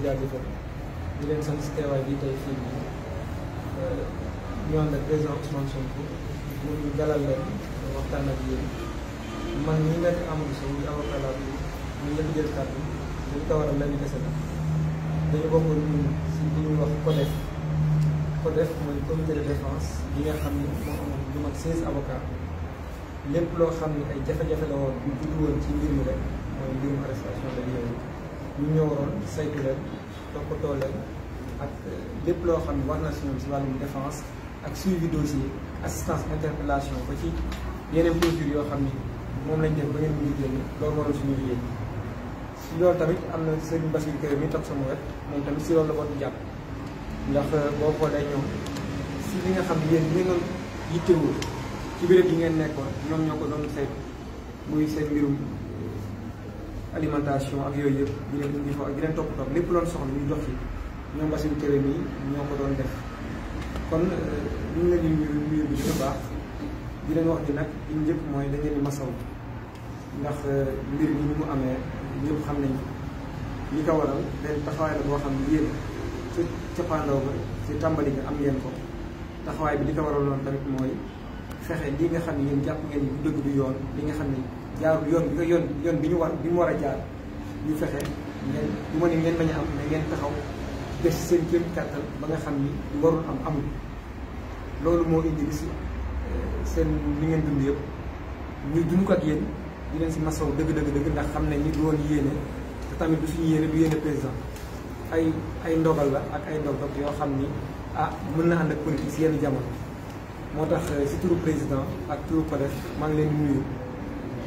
leen jaajëfal di leen sant si teewaay bi tey fii nii euh, ñu ànd ak président Ousmane Sonko pour ñu dalal leen waxtaan ak yéen man ñi nekk Amadou Sow ñu avocat laa bi ñu ñëpp jël kàddu ñu ko waral la dañu bokkoon ñun si li ñuy wax CODEF CODEF mooy comité de défense bi nga xam ne moo amoon lu mat 16 avocats loo xam ne ay jafe-jafe la woon bu juddu woon ci mbir mi rek mooy mbirum arrestation la ñu ñëw ñëwoon saytu leen toppatoo leen ak lépp loo xam ne war na si ñoom si wàllum défense ak suivi dossier assistance interpellation ba ci yeneen procédures yoo xam ni moom lañ def ba ngeen mujj génn loolu moo doon suñu si loolu tamit am na Serigne Bassirou Kër mi toog sama wet moom tamit si loolu la war jàpp ndax euh, boo xoolee ñoom si li nga xam ne yéen ñi ngeen yittewoo ci béréb yi ngeen nekkoon ñoom ñoo ko doon saytu muy seen mbirum. alimentation ak yooyu yëpp yeneen indi fa ak yeneen toppatoo lépp loolu soxla ñuy dox fi ñoom Bassirou Kébé mii ñoo ko doon def kon euh, ñu ngi leen di nuyu nuyu bu gën baax di leen wax ni nag li njëkk mooy dañ leen di euh, mbir mi ni mu amee ñëpp xam nañ li ko waral benn taxawaay la boo xam ne yéen ci cappaandaw ba ci tàmbali bi am ngeen ko taxawaay bi di ko waral loon tamit mooy fexe li nga xam ne yéen jàpp ngeen ni du dëgg du yoon li nga xam ne jaarul yoon bi yoon yoon bi ñu war bi mu war a jaar ñu fexe ngeen du ma ne ngeen bañ a am mais ngeen taxaw des seen kéem kàttan ba nga xam ni lu warul am amul loolu moo indi si euh, seen li ngeen dund yëpp ñu dund ko ak yéen di leen si masaw dëgg dëgg dëgg ndax xam ne ñi du yéene te tamit du suñu yéene du yéene président ay ay ndogal la ak ay ndogal yoo xam ni ah mën na ànd ak politique si yenn jamono moo tax euh, si turu président ak turu ko def maa ngi leen di nuyu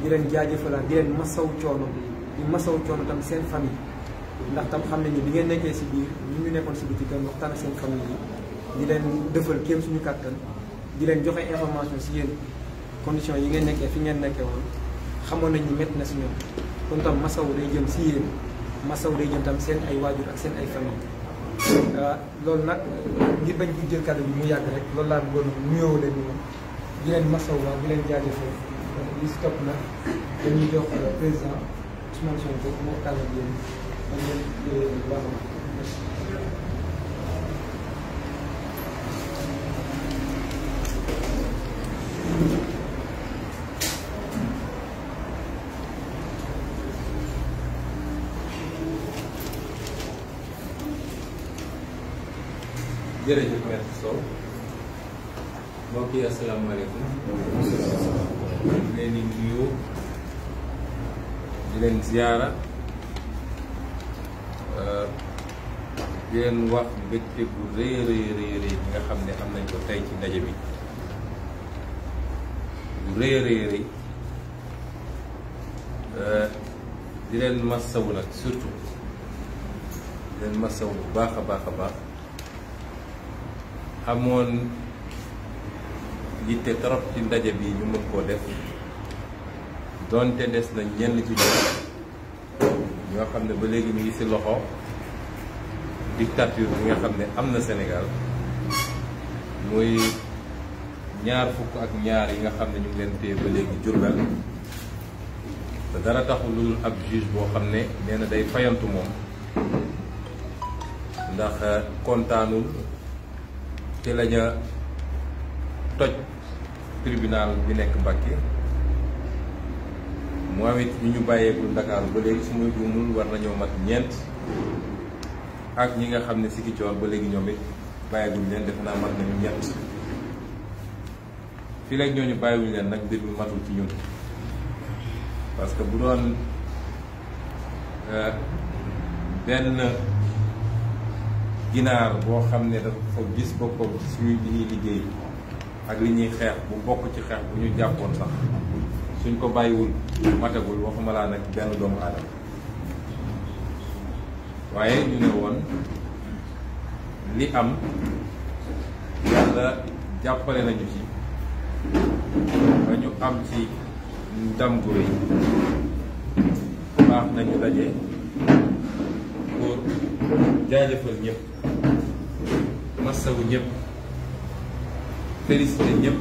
di leen jaajëfalaat di leen masaw coono di masaw coono tam seen famille ndax tam xam nañu bi ngeen nekkee si biir ñu ñu nekkoon si biti tam waxtaan ak seen famille yi di leen dëfal kéem suñu kàttan di leen joxe information si yéen condition yi ngeen nekkee fi ngeen nekkee woon xamoon nañu métti na si ñoom kon tam masaw day jëm si yéen masaw day jëm tam seen ay waajur ak seen ay famille ah, loolu nag ngir bañ ko jël kàddu bi mu yàgg rek loolu laa bëggoon nuyoo leen ñu moom di leen masaw waa di leen jaajëfal bis topp nag dañuy jox président Ousmane Sonko mu waxtaan ak yéen ba ngeen jëlee bu baax jërëjëf maître Sow mbokk yi asalaamaaleykum ziara eh, di leen wax mbégte bu rëy rëy nga xam ne am nañ ko tey ci ndaje bi bu rëy rëy rëy eh, di leen massawu nag surtout di leen massawu bu baax a baax a baax amoon yitte trop ci ndaje bi ñu mën koo def donte des na ñenn ci ñoo xam ne ba léegi ñu si loxo dictature bi nga xam ne am na Sénégal muy ñaar fukk ak ñaar yi nga xam ne ñu ngi leen téye ba léegi Jurbel te dara taxul lu ab juge boo xam ne nee day fayantu moom ndax euh, kontaanul ci la ñu toj tribunal bi nekk Mbàkke moom it ñu ñu bàyyeekul ndakaaru ba léegi su ma juumul war nañoo mat ñeent ak ñi nga xam ne sikki coor ba léegi ñoom it bàyyeegul leen defe naa mat nañu ñett fii léegi ñooñu bàyyiwuñu leen nag mbir mi matul ci ñun parce que bu doon euh, benn ginaar boo xam ne dafa gis boppam ci suñu li ñuy liggéey ak li ñuy xeex bu bokk ci xeex bu ñu jàppoon sax suñ ko bàyyiwul matagul waxuma laa nag benn doomu aadama waaye ñu ne woon li am yàlla jàppale nañu ci ba ñu am ci ndam gu rëy baax nañu daje pour jaajëfal ñëpp massawu ñëpp félicité ñëpp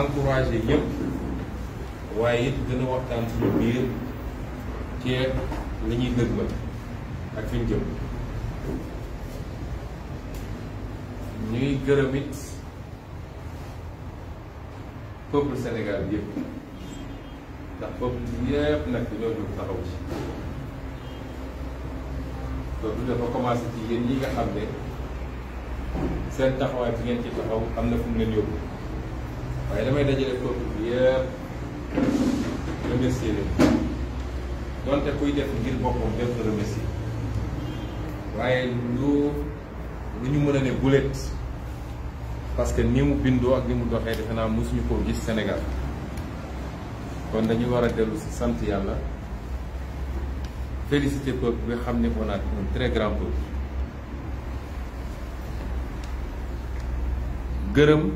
encouragé ñëpp waaye it gën a waxtaan suñu biir ci li ñuy dëgmal ak fi ñu jëm ñuy gërëm it peuple Sénégal yëpp ndax peuple yëpp nag dañoo jóg taxaw ci loolu dafa commencé ci yéen ñi nga xam ne seen taxawaay bi ngeen ci taxaw am na fu mu leen yóbbu waaye damay dajale peuple yëpp remercier leen donte kuy def ngir boppam def ko waaye lu lu ñu mën a ne gulet parce que ni mu bindoo ak ni mu doxee defe naa mosuñu koo gis Sénégal kon dañuy war a dellu si sant yàlla féliciter peuple bi xam ne on a un grand peuple gërëm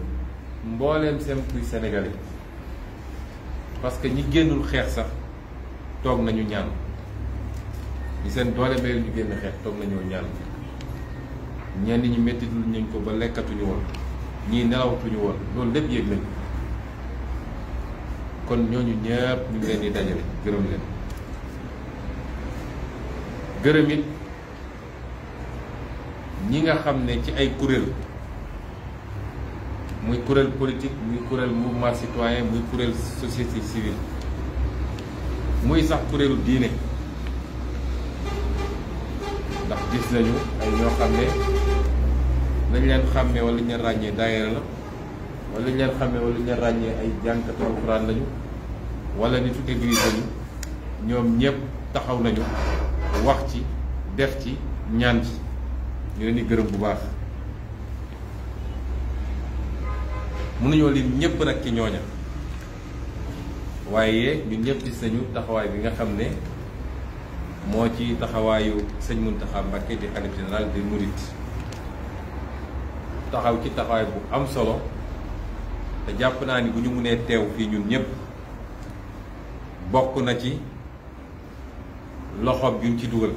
mbooleem seen kuy sénégalais parce que ñi génnul xeex sax toog nañu ñaan ñi seen doole mayul ñu génn xeex toog nañoo ñaan ñenn ñi méttitul nañ ko ba lekkatuñu woon ñii nelawatuñu woon loolu lépp yéeg nañ kon ñooñu ñëpp ñu ngi leen di dajale gërëm leen gërëm it ñi nga xam ne ci ay kuréel muy kuréel politique muy kuréel mouvement citoyen muy kuréel société civile muy sax kuréelu diine ndax gis nañu ay ñoo xam ne lañ leen xàmmee wala ñu ràññee daayira la walla ñu leen xàmmee wala ñu ràññee ay jànkatu alxuraan lañu wala nitu église lañu ñoom ñëpp taxaw nañu wax ci def ci ñaan ci ñu leen di gërëm bu baax. mënuñoo lim ñëpp nag ci ñooña waaye ñun ñëpp gis nañu taxawaay bi nga xam ne moo ci taxawaayu sëñ Mountakha Mbacké di xalif général des mourides taxaw ci taxawaay bu am solo te jàpp naa ni bu ñu mënee teew fii ñun ñëpp bokk na ci loxoom yuñ ci dugal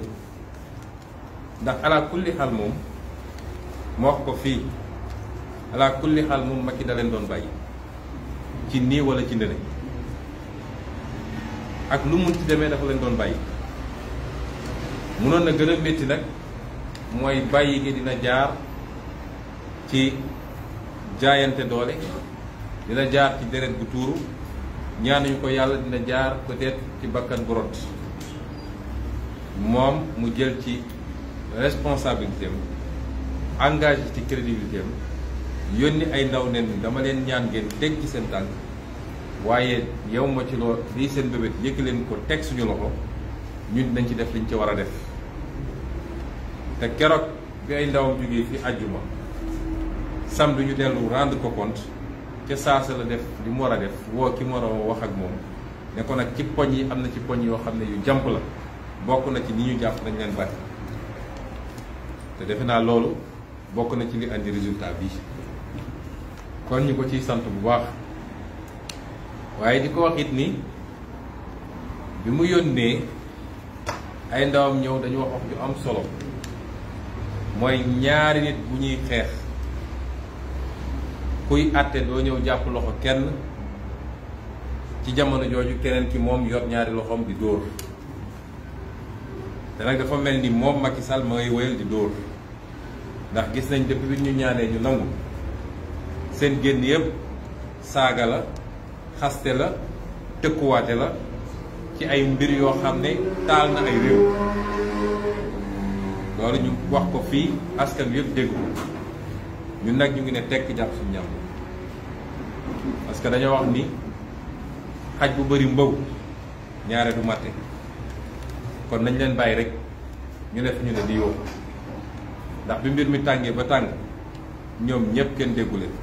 ndax ala kulli xal moom moo ko fii ala kulli xaal moom Macky da leen doon bàyyi ci nii wala ci nële ak lu mun ci demee dafa leen doon bàyyi munoon na gën a nag mooy bàyyi gi dina jaar ci jaayante doole dina jaar ci deret bu tuuru ñaanuñu ko yàlla dina jaar peut ci bakkan bu rot moom mu jël ci responsabilité am ci crédibilité am yónni ay ndaw nen dama leen ñaan ngeen teg ci seen tànk waaye yow ma ci loo lii seen bébét yëkk leen ko teg suñu loxo ñu dañ ci def liñ ci war a def te keroog bi ay ndawam jógee fi àjjuma samedi ñu dellu rendre ko compte ca saasa la def li mu war a def woo ki mu war a wax ak moom ne ko nag ci poñ yi am na ci poñ yoo xam ne yu jàmp la bokk na ci ni ñu jàpp dañ leen bàyyi te defe naa loolu bokk na ci li andi résultat bi kon ñu ko ciy sant bu baax waaye di ko wax ni bi mu yónnee ay ndawam ñëw dañu wax wax ju am solo mooy ñaari nit bu ñuy xeex kuy àtte doo ñëw jàpp loxo kenn ci jamono jooju keneen ki moom yor ñaari loxoom di dóor te nag dafa mel ni moom Macky Sall ma ngay wëyal di dóor ndax gis nañ depuis bi ñu ñaanee ñu nangu seen génn yépp saaga la xaste la tëkkuwaate la ci ay mbir yoo xam ne taal na ay réew loolu ñu wax ko fii askan wi yëpp dégg ñun nag ñu ngi ne tekk jàpp suñu ñam parce que dañoo wax ni xaj bu bëri mbaw ñaare du matte kon nañ leen bàyyi rek ñu ne fi ñu ne di yoo ndax bi mbir mi tàngee ba tàng ñoom ñëpp kenn déggu leen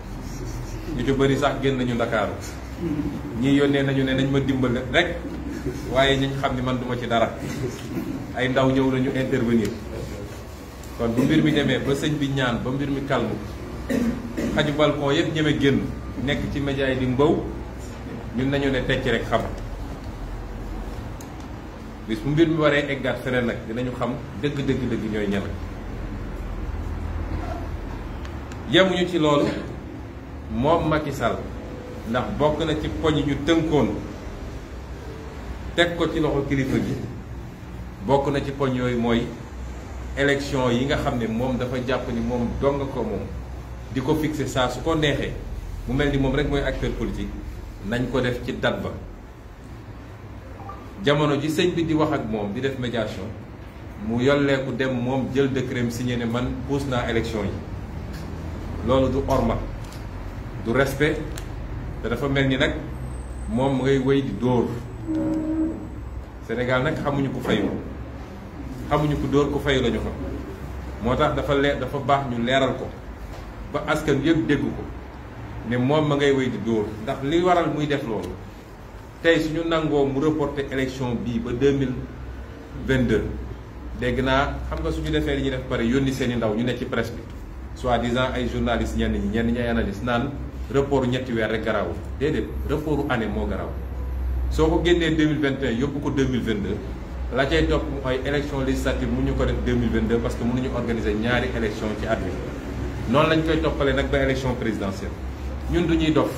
ñu ci bëri sax génn nañu ndakaaru ñii yónnee nañu ne nañ ma dimbale rek waaye ñu xam ni man duma ci dara ay ndaw ñëw nañu intervenir kon bu mbir mi demee ba sëñ bi ñaan ba mbir mi calme xaju balcon yëpp ñeme génn nekk ci média yi di mbaw ñun nañu ne tecc rek xam bis bu mbir mi waree eggat feneen nag dinañu xam dëgg dëgg dëgg ñooy ñan yemuñu ci lool moom Macky Sall ndax bokk na ci poñ ñu tënkoon teg ko ci loxo kilifa gi bokk na ci poñ yooyu mooy élection yi nga xam ne moom dafa jàpp ni moom dong ko moom di ko fixé saa su ko neexee mu mel ni moom rek mooy acteur politique nañ ko def ci date ba jamono ji sëñ bi di wax ak moom di def médiation mu yolleeku dem moom jël décret signé ne man puus naa élection yi loolu du orma du respect te dafa mel ni nag moom ngay wéy di dóor Sénégal nag xamuñu ko fayu xamuñu ko dóor ko fayu lañu fa moo tax dafa leer dafa baax ñu leeral ko ba askan yëpp dégg ko ne moom ma ngay wéy di dóor ndax li waral muy def loolu tey suñu nangoo mu reporter élection bii ba deux mille vingt deux dégg naa xam nga suñu defee li ñu def pare yónni seen i ndaw ñu ne ci presse bi soit disant ay journalistes ñenn ñi ñenn ñi ay analystes naan. report ñetti weer rek garaaw déedéet reportu année moo garaw soo ko génnee 2021 yóbbu ko 2022 la cay topp mooy élection législative mu ñu ko def 2022 parce que mënuñu organiser ñaari élection ci at noonu lañ koy toppalee nag ba élection présidentielle ñun du ñuy dof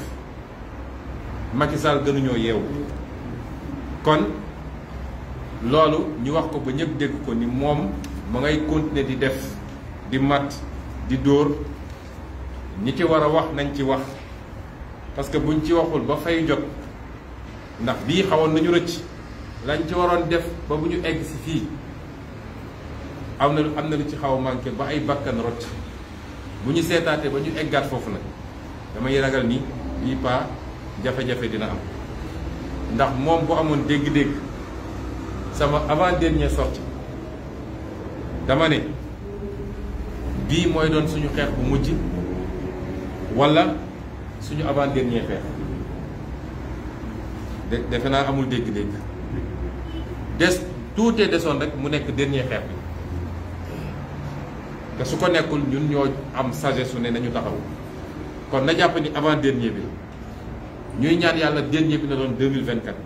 Macky Sall gënuñoo yeewu kon loolu ñu wax ko ba ñëpp dégg ko ni moom ma ngay continuer di def di mat di dóor ñi ci war a wax nañ ci wax parce que buñ ci waxul ba fay jot ndax bii xawoon nañu rëcc lañ ci waroon def ba bu ñu egg si fii am na am na lu ci xaw a manqué ba ay bakkan rot bu ñu seetaatee ba ñu eggaat foofu nag damay ragal ni bii paa jafe-jafe dina am ndax moom bu amoon dégg-dégg sama avant dernière sorti dama ne bii mooy doon suñu xeex bu mujj walla suñu avant dernier paire de defe naa amul dégg-dégg des tuutee desoon rek mu nekk dernier paire bi te su ko nekkul ñun ñoo am sagesse su ne nañu taxaw kon na jàpp ni avant dernier bi ñuy ñaan yàlla dernier bi na doon deux mille vingt quatre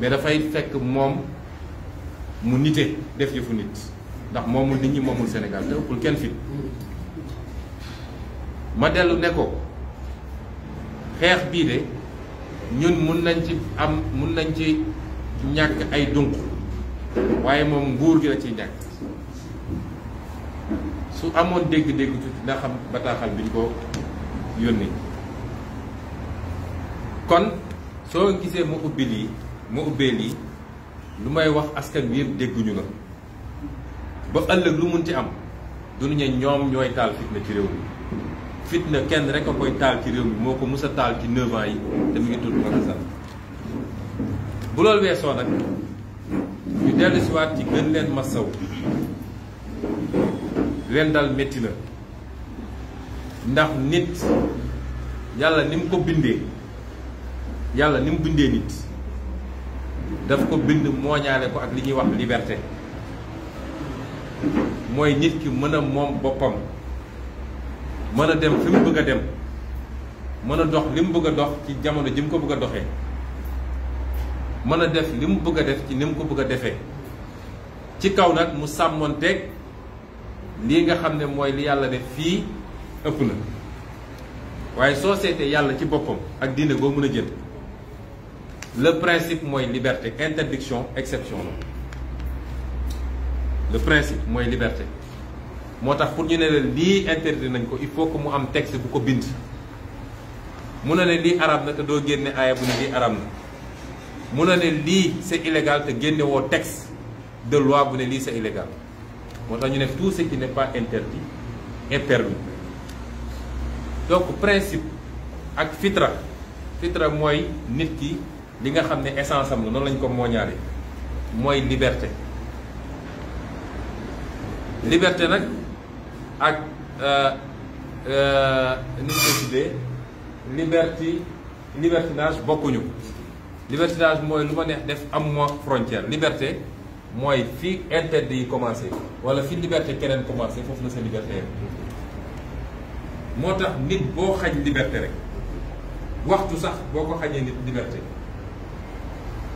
mais dafay fekk moom mu nite def yëfu nit ndax moomul nit ñi moomul Sénégal te ëppul kenn fit ma dellu ne ko xeex bii de ñun mun nañ ci am mun nañ ci ñàkk ay dunq waaye moom nguur gi la ci ñàkk su amoon dégg-dégg ci dina bataaxal bi ñu ko yónni kon soo gisee mu ubbi lii mu ubbee lii lu may wax askan wi yëpp dégguñu la ba ëllëg lu mun ci am du ñu ñoom ñooy taal fitna ci réew mi fitna kenn rek a koy taal ci réew mi moo ko mus a taal ci 9 ans yi te mu ngi tudd Macky bu loolu weesoo nag ñu dellu ci gën leen massaw leen dal métti na ndax nit yàlla ni mu ko bindee yàlla ni mu bindee nit daf ko bind mooñaale ko ak li ñuy wax liberté mooy nit ki mën a moom boppam mën a dem fi mu bëgg a dem mën a dox li mu bëgg a dox ci jamono ji mu ko bëgg a doxee mën a def li mu bëgg a def ci ni mu ko bëgg a defee ci kaw nag mu sàmmoonteeg lii nga xam ne mooy li yàlla def fii ëpp na waaye soo seetee yàlla ci boppam ak diine goo mën a jël le principe mooy liberté interdiction exception la le principe mooy liberté moo tax pour ñu ne leen lii interdit nañ ko il faut que mu am texte bu ko bind mu na ne lii arab na te doo génne aaya bu ne lii arab na mu na ne lii c'est illégal te génne woo texte bu ne lii c'est illégal moo tax ñu ne tout ce qui n'est pas interdit est permis donc principe ak fitra fitra mooy nit ki li nga xam ne essence am la noonu lañ ko mooñaale mooy liberté liberté nag ak euh, euh, ni ñu ko tuddee liberti libertinage bokkuñu libertinage def am ma frontière liberté mooy fii interdit yi commencé wala fi liberté commencé foofu la sa tax nit boo xañ liberté rek waxtu sax boo ko xañee nit liberté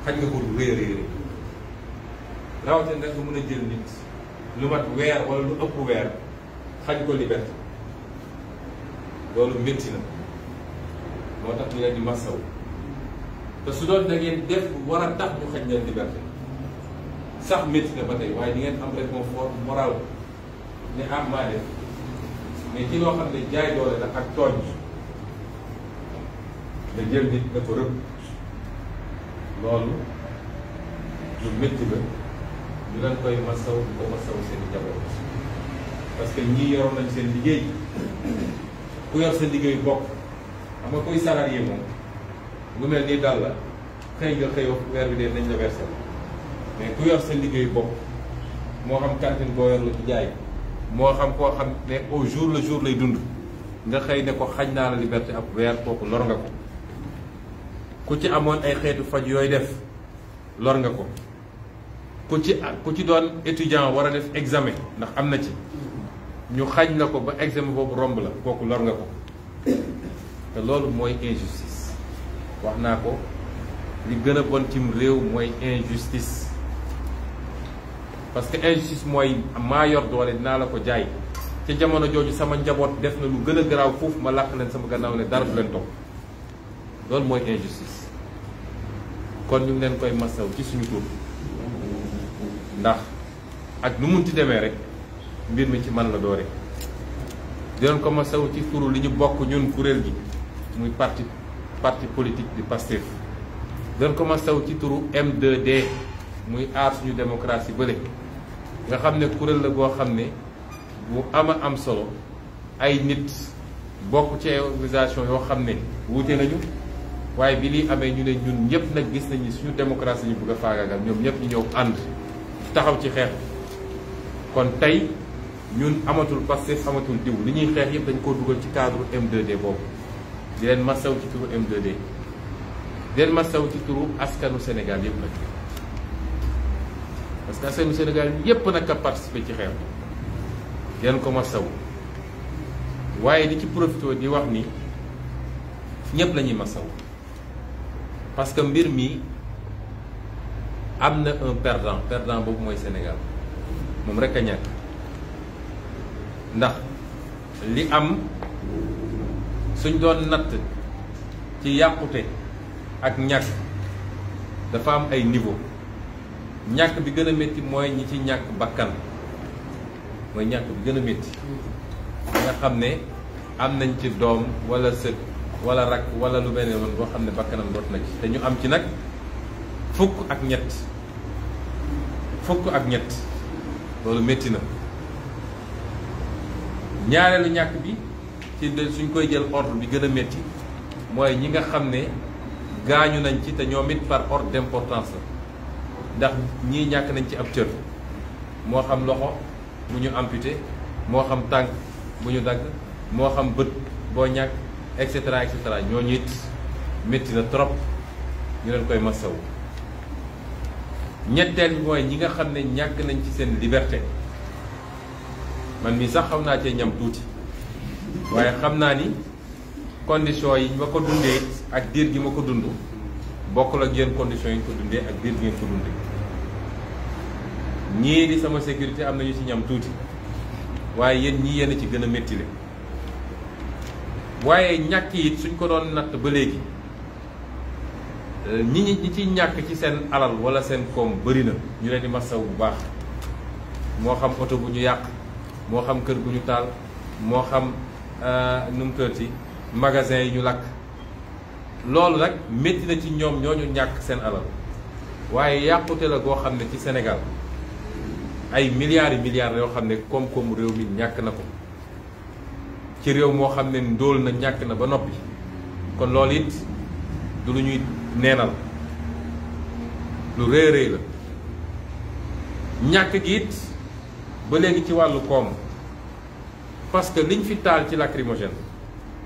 xañ nga ko réer réer rawatina nga mën a jël nit lu mat weer wala lu ëpp weer xañ ko liberté loolu métti na moo tax ñu leen di massaw te su doon da ngeen def war a tax ñu xañ leen liberté sax métti na ba tey waaye di ngeen am réconfort moral ne am ah, maa def mais ci xam ne jaay doole la ak tooñ da jël nit da loolu lu métti koy massaw ko massaw seen i jaboot parce que ñii yoroon nañ seen liggéey ku yor sa liggéey bokk xam nga koy salarié moom lu mel nii dal la xëy nga xëy weer bi dee nañ la versé mais ku yor sa liggéey bopp moo xam cantine boo yor la di jaay moo xam koo xam ne au jour le jour lay dund nga xëy ne ko xañ naa la liberté ab weer kooku lor nga ko ku ci amoon ay xeetu faj yooyu def lor nga ko ku ci a ku ci doon étudiant war a def examen ndax am na ci ñu xañ na ko ba examen boobu romb la kooku lor nga ko te loolu mooy injustice wax naa ko li gën a bon cim réew mooy injustice parce que injustice mooy maa yor doole dinaa la ko jaay ca jamono jooju sama njaboot def na lu gën a garaaw foofu ma làq leen sama gannaaw ne dara du leen topp loolu mooy injustice kon ñu leen koy masaw ci suñu tur ndax ak nu mun ci demee rek mbir mi ci man la doore di leen ko masawu ci turu li ñu bokk ñun kuréel gi muy parti parti politique di Pastef di leen ko masawu ci turu M2D muy aar suñu démocratie bële nga xam ne kuréel la boo xam ne bu ama am solo ay nit bokk ci ay organisation yoo xam ne wuute nañu waaye bi lii amee ñu ne ñun ñëpp nag gis nañu suñu démocratie ñu bëgg a faagaagal ñoom ñëpp ñu ñëw ànd taxaw ci xeex kon tey ñun amatul Pastef amatul diw li ñuy xeex yëpp dañ koo dugal ci cadre M2D boobu di leen masaw ci turu M2D di leen masaw ci turu askanu Sénégal yëpp nag parce que askanu Sénégal yëpp a participé ci xeex yenn leen ko masaw waaye li ci profité di wax ni ñëpp lañuy ñuy masaw parce que mbir mi am na un perdant perdant boobu mooy Sénégal moom rek a ñàkk ndax li am suñ doon natt ci yàqute ak ñàkk dafa am ay niveau ñàkk bi gën a métti mooy ñi ci ñàkk bàkkan mooy ñàkk bi gën a nga xam ne am nañ ci doom walla sët wala rakk wala lu beneen woon boo xam ne bakkanam rot na ci te ñu am ci nag fukk ak ñett fukk ak ñett loolu métti na ñaareelu ñàkk bi ci suñ koy jël ordre bi gën a métti mooy ñi nga xam ne gaañu nañ ci te ñoom it par ordre d'importance la ndax ñii ñàkk nañ ci ab cër moo xam loxo bu ñu amputé moo xam tànk bu ñu dagg moo xam bët boo ñàkk et cetera et cetera ñooñu it métti na trop ñu leen koy masawu ñetteel mooy ñi nga xam ne ñàkk nañ ci seen liberté man mii sax xam naa cee ñam tuuti waaye xam naa ni condition yi ma ko dundee ak diir gi ma ko dund bokkul ak yéen condition yi ñu ko dundee ak diir gi ngeen ko dundee ñii di sama sécurité am na ñu ci ñam tuuti waaye yéen ñii yéen a ci gën a méttile waaye ñàkk it suñ ko doon natt ba léegi eh, ñi ñi ci ciy ñàkk ci seen alal wala seen koom bëri na ñu leen di masaw bu baax moo xam oto bu ñu yàq moo xam kër gu ñu taal moo xam euh, nu mu ci magasin yi ñu lakk loolu nag métti na ci ñoom ñoo ñu ñàkk seen alal waaye yàqute la goo xam ne ci senegal ay milliards yi milliards yoo xam ne koom-koomu réew mi ñàkk na ko ci réew moo xam ne ndóol na ñàkk na ba noppi kon loolu it du lu ñuy neenal lu rëy rëy la ñàkk gi it ba léegi ci wàllu koom parce que liñ fi taal ci lacrymogène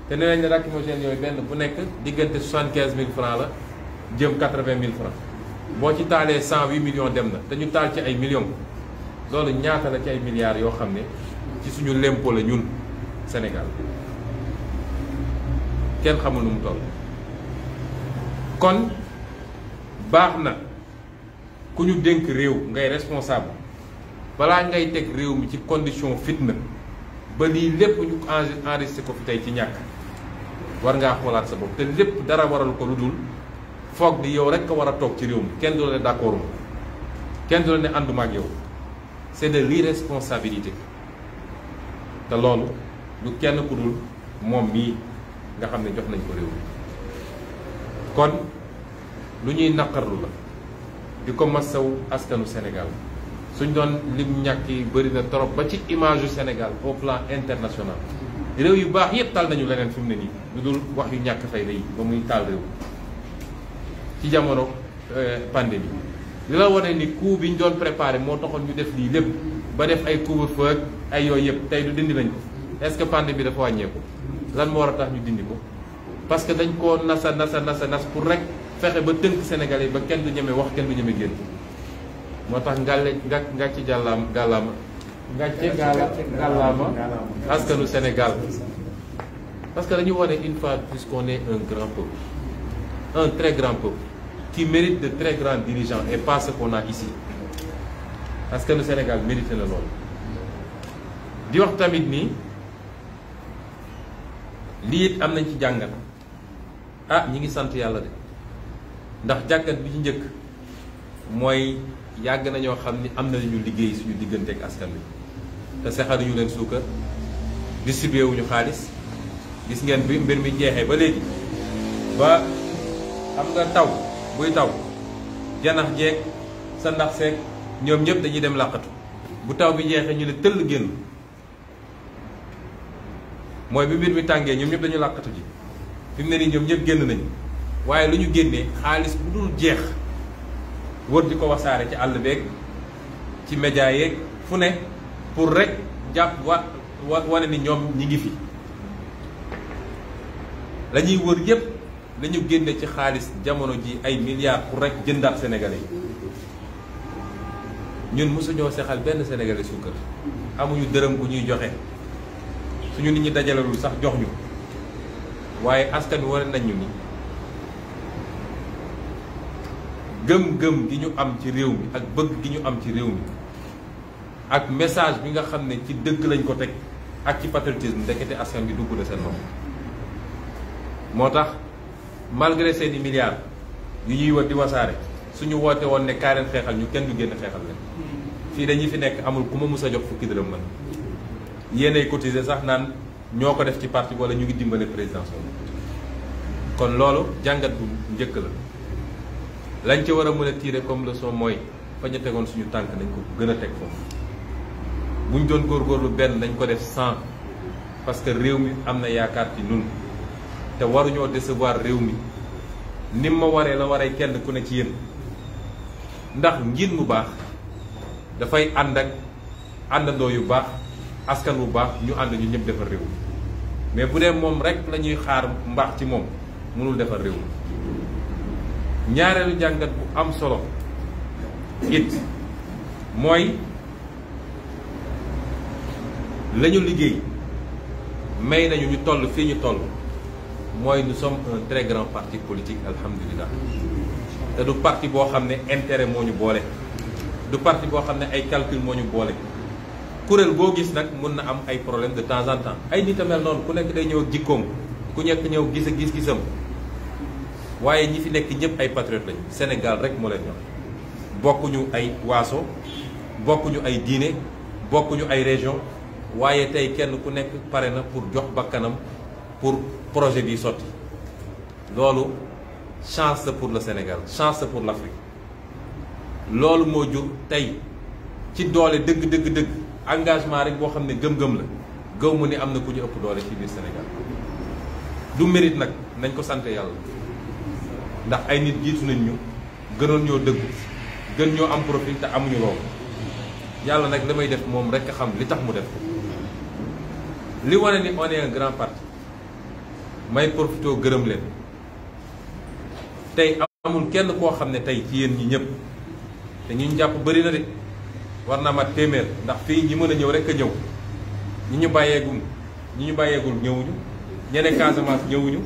te ne nañ ne lacrymogène yooyu benn bu nekk diggante soixante quinze mille francs la jëm quatre vingt mille francs boo ci taalee cent huit millions dem na te ñu taal ci ay millions loolu ñaata la ci ay milliards yoo xam ne ci suñu lempo la ñun Sénégal kenn xamul nu mu toll kon baax na ku ñu dénk réew ngay responsable balaa ngay teg réew mi ci condition fitna. ba lii lépp ñu enregistré ko fi tey ci ñàkk war ngaa xoolaat sa bopp te lépp dara waral ko lu dul foog di yow rek ko war a toog ci réew mi kenn du la ne d'accord kenn du ne ànduma ak yow c'est de l'irresponsabilité te loolu lu kenn ku dul moom mii nga xam ne jox nañu ko réew mi kon lu ñuy naqarlu la di ko masawu askanu Sénégal suñ doon lim ñàkk yi bëri na trop ba ci image yu Sénégal au plan international réew yu baax yépp tal nañu leneen fi ne nii lu dul wax yu ñàkk fay day ba muy taal réew ci jamono euh, pandémie li la wane ni coup bi ñu doon préparé moo taxoon ñu def lii lépp ba def ay couvre-feu ak ay yooyu yëpp tey du dindi nañ ko est-ce que pandémie dafa wàññeeku lan moo war a tax ñu dindi ko parce que dañ koo nasa nasa nasa nas pour rek fexe ba tënk Sénégalais ba kenn du ñeme wax kenn du ñeme moo tax ngàlle nga ngàcc gàllaam gàllaama ngàcce gàlla gàllaama askanu Sénégal parce que dañu wane une fois plus qu'on est un grand peuple un très grand peuple qui mérite de très grands dirigeants et pas ce qu'on a ici askanu Sénégal mérite na loolu di wax tamit ni lii it am nañ ci jàngat ah ñi ngi sant yàlla de ndax jàngat bi ci njëkk mooy yàgg nañoo xam ni am na ñu liggéey suñu diggante ak askan wi te sexaluñu leen suukar distribué wuñu xaalis gis ngeen bi mbir mi jeexee ba léegi ba xam nga taw buy taw janax jeeg sa ndax seeg ñoom ñëpp dañuy dem làqatu bu taw bi jeexee ñu ne tëll génn mooy bi mbir mi tàngee ñoom ñëpp dañu làqatu ji fi mu ne nii ñoom ñëpp génn nañu waaye lu ñu génnee xaalis bu dul jeex wër di ko wasaare ci àll beeg ci média yeeg fu ne pour rek jàpp wa wane ni ñoom ñi ngi fi la ñuy wër yépp dañu génne ci xaalis jamono ji ay milliards pour rek jëndaat sénégalais ñun mosuñoo sexal benn sénégalais suukar amuñu dërëm bu ñuy joxe suñu nit ñi dajalalul sax jox ñu waaye askan wi wane nañ ñu ni gëm-gëm gi ñu am ci réew mi ak bëgg gi ñu am ci réew mi ak message bi nga xam ne ci dëgg lañ ko teg ak ci patriotisme ndekete askan bi dugg na seen bopp moo tax malgré seeni milliards yu ñuy war di wasaare suñu woote woon ne kaay leen xeexal ñu kenn du génn xeexal leen fii dañuy fi nekk amul ku ma mus a jox fukki dërëm man yéenay cotiser sax naan ñoo ko def ci parti wala ñu ngi dimbale présidence kon loolu jàngat bu njëkk la lañ ci war a mën a tirer comme leçon mooy fa ñu tegoon suñu tànk nañ ko gën a teg foofu buñ doon góorlu benn nañ ko def sant parce que réew mi am na yaakaar ci ñun te waruñoo décevoir réew mi ni ma waree la waree kenn ku ne ci yéen ndax njiit mu baax dafay ànd ak àndandoo yu baax askan wu baax ñu ànd ñu ñëpp defar réew mais bu dee moom rek lañuy xaar mbaax ci moom mënul defar réew ñaareelu jàngat bu am solo it mooy la liggéey may nañu ñu toll fii ñu toll mooy nu sommes un très grand parti politique alhamdulilah te du parti boo xam ne intérêt moo ñu boole du parti boo xam ne ay calcul moo ñu boole kuréel boo gis nag mun na am ay problème de temps en temps ay nit a mel noonu ku nekk day ñëw ak jikkoom ku nekk ñëw gis a gis-gisam waaye ñi fi nekk ñëpp ay patriote lañu Sénégal rek moo leen ñor bokkuñu ay waaso bokkuñu ay diine bokkuñu ay région waaye tey kenn ku nekk pare na pour jox bakkanam pour projet bi sotti loolu chance la pour le Sénégal chance la pour l'Afrique loolu moo jur tey ci doole dëgg dëgg dëgg engagement rek boo xam ne gëm-gëm la gëw mu ni am na ku ñu ëpp doole ci biir Sénégal du mérite nag nañ ko sant yàlla ndax ay nit jiitu nañ ñu gënoon ñoo dëggu gën ñoo am profil te amuñu loolu yàlla nag li may def moom rek xam li tax mu def ko li wane ni on est un grand parti may profité gërëm leen tey amul kenn koo xam ne tey ci yéen ñi ñëpp te ñu jàpp bëri na de war naa ma téeméer ndax fii ñi mën a ñëw rek a ñëw ñi ñu bàyyeegum ñi ñu bàyyeegul ñëwuñu ñeneen Casamance ñëwuñu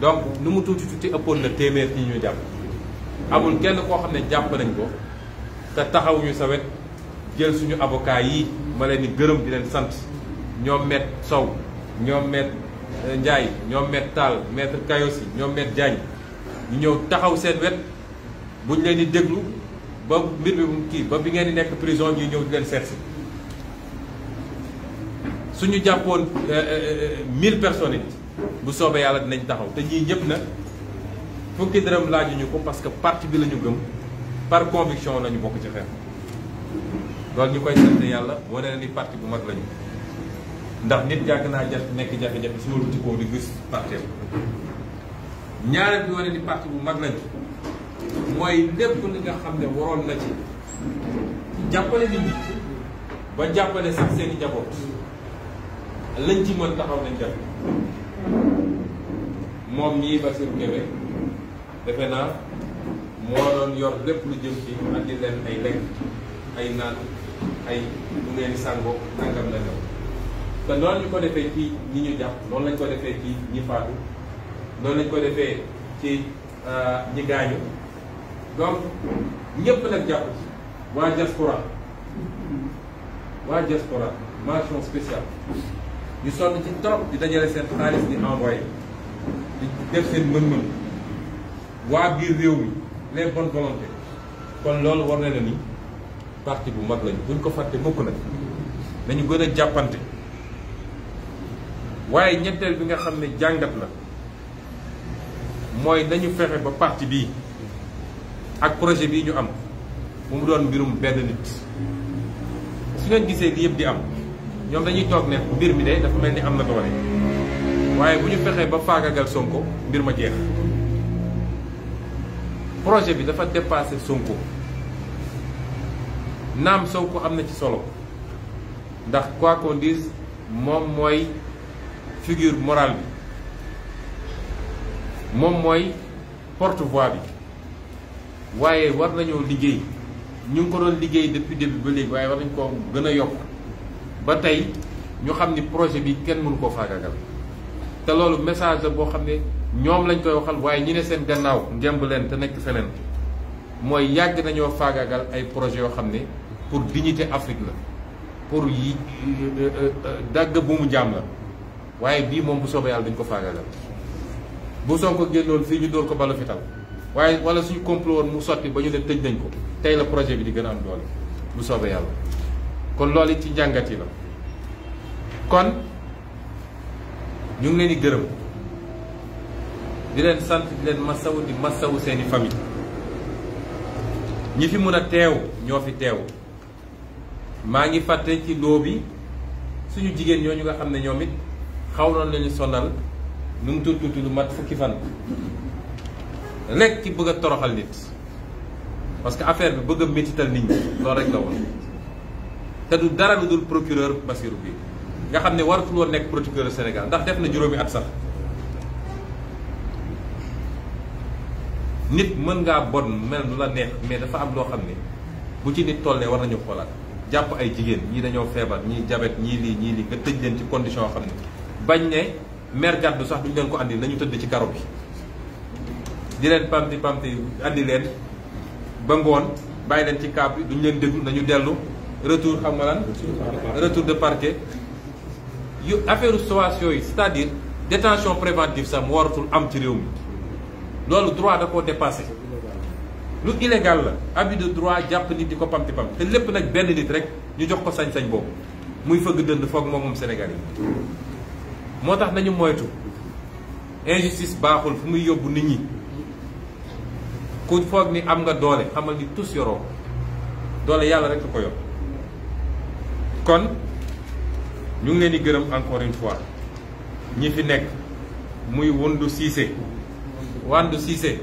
donc nu mu tuuti tuuti ëppoon na téeméer ñi ñu jàpp amul kenn koo xam ne jàpp nañ ko te taxawuñu sa wet jël suñu avocat yi ma leen di gërëm di leen sant ñoom maître Sow ñoom maître euh, njaay ñoom maître Tall maître Kayosi ñoom maître Diagne ñu ñëw taxaw seen wet buñ leen di déglu ba mbir mi kii ba bi ngeen di nekk prison ñuy ñëw di leen seet si suñu jàppoon euh, euh, mille personnes it bu soobee yàlla dinañ taxaw te ñii ñëpp nag fukki dërëm laajuñu ko parce que parti bi la ñu gëm par conviction la ñu bokk ci xeex loolu ñu koy sant yàlla wane na ni parti bu mag lañu ndax nit yàgg naa jaf nekk jafe-jafe su ma lutikoo di gis parti ñaareel bi wane ni parti bu mag lañu mooy lépp li nga xam ne waroon na ci jàppale nit ñi ba jàppale sax seen i njaboot lañ ci mën taxaw nañ def moom ñii Bassirou Kébé defe naa moo doon yor lépp lu jëm ci andi ay lekk ay naan ay lu ngeen sàngoo nangam la ñëw te noonu ñu ko defee ci ñi ñu jàpp noonu lañ ko defee ci ñi faatu noonu lañ ko defee ci euh, ñi gaañu donc ñëpp nag jàpp ci waa diaspora waa diaspora mention spéciale ñu sonn ci trop di dajale seen xaalis di envoyé di def seen mën-mën waa biir réew mi les bonnes volontés kon loolu war na ni parti bu mag lañu buñ ko fàtte mukk nag dañu gën a jàppante waaye ñetteel bi nga xam ne jàngat la mooy nañu fexe ba parti bii ak projet bii ñu am bu mu doon mbirum benn nit su ngeen gisee li yëpp di am ñoom dañuy toog ne mbir mi de dafa mel ni am na doole waaye bu ñu fexee ba faagagal Sonko mbir ma jeex projet bi dafa dépassé Sonko naam Sonko am na ci solo ndax quoi qu'on dise moom mooy figure morale bi moom mooy porte-voix bi waaye war nañoo liggéey ñu ngi ko doon liggéey depuis bi ba léegi waaye war nañ koo gën a yokk ba tey ñu xam ni projet bi kenn mënu koo faagaagal te loolu message la boo xam ne ñoom lañ koy waxal waaye ñi ne seen gannaaw ngemb leen te nekk feneen mooy yàgg nañoo faagaagal ay projet yoo xam ne pour dignité Afrique la pour yi dàgg bu mu jaam la waaye bii moom bu soobee yàlla dañ ko faagaagal bu Sonko génnoon fii ñu dóor ko balu fital waaye wala suñu complot woon mu sotti ba ñu ne tëj nañ ko tey la projet bi di gën a am doole bu soobee yàlla kon lool it ci njàngat yi la kon ñu ngi leen di gërëm di leen sant di leen masawu di masawu seeni famille ñi fi mun a teew ñoo fi teew maa ngi fàtte ci loo bi suñu jigéen ñooñu nga xam ne ñoom it xawloon lañu sonnal nu ngi tudd tudd lu mat fukki fan rek ci bëgg a toroxal nit parce que affaire bi bëgg a métital nit ñi loolu rek la woon te dara lu dul procureur Bassirou bi nga xam ne waratul woon nekk procureur Sénégal ndax def na juróomi at sax nit mën ngaa bon mel lu la neex mais dafa am loo xam ne bu ci nit tollee war nañu xoolaat jàpp ay jigéen ñii dañoo feebar ñii jabet ñii lii ñii lii nga tëj leen ci condition yoo xam ne bañ ne mer gàddu sax duñ leen ko àndi nañu tëdd ci karo bi di leen pamti pamti andi leen ba ngoon bàyyi leen ci kaab bi duñ leen déglu nañu dellu retour xam nga lan retour de parquet yu affaire SOAS yooyu c'est-à-dire sax mu waratul am ci réew mi loolu droit da ko dépassé lu illégal la abus droit jàpp nit di ko pamti pam te lépp nag benn nit rek ñu jox ko sañ-sañ boobu muy fëgg dënd foog moom moom Sénégal yi moo tax nañu moytu injustice baaxul fu muy yóbbu nit ñi ku foog ni am nga doole xamal ni tous yoroo doole yàlla rek ko yor kon ñu ngi leen di gërëm encore une fois ñi fi nekk muy wundu siise wànd siise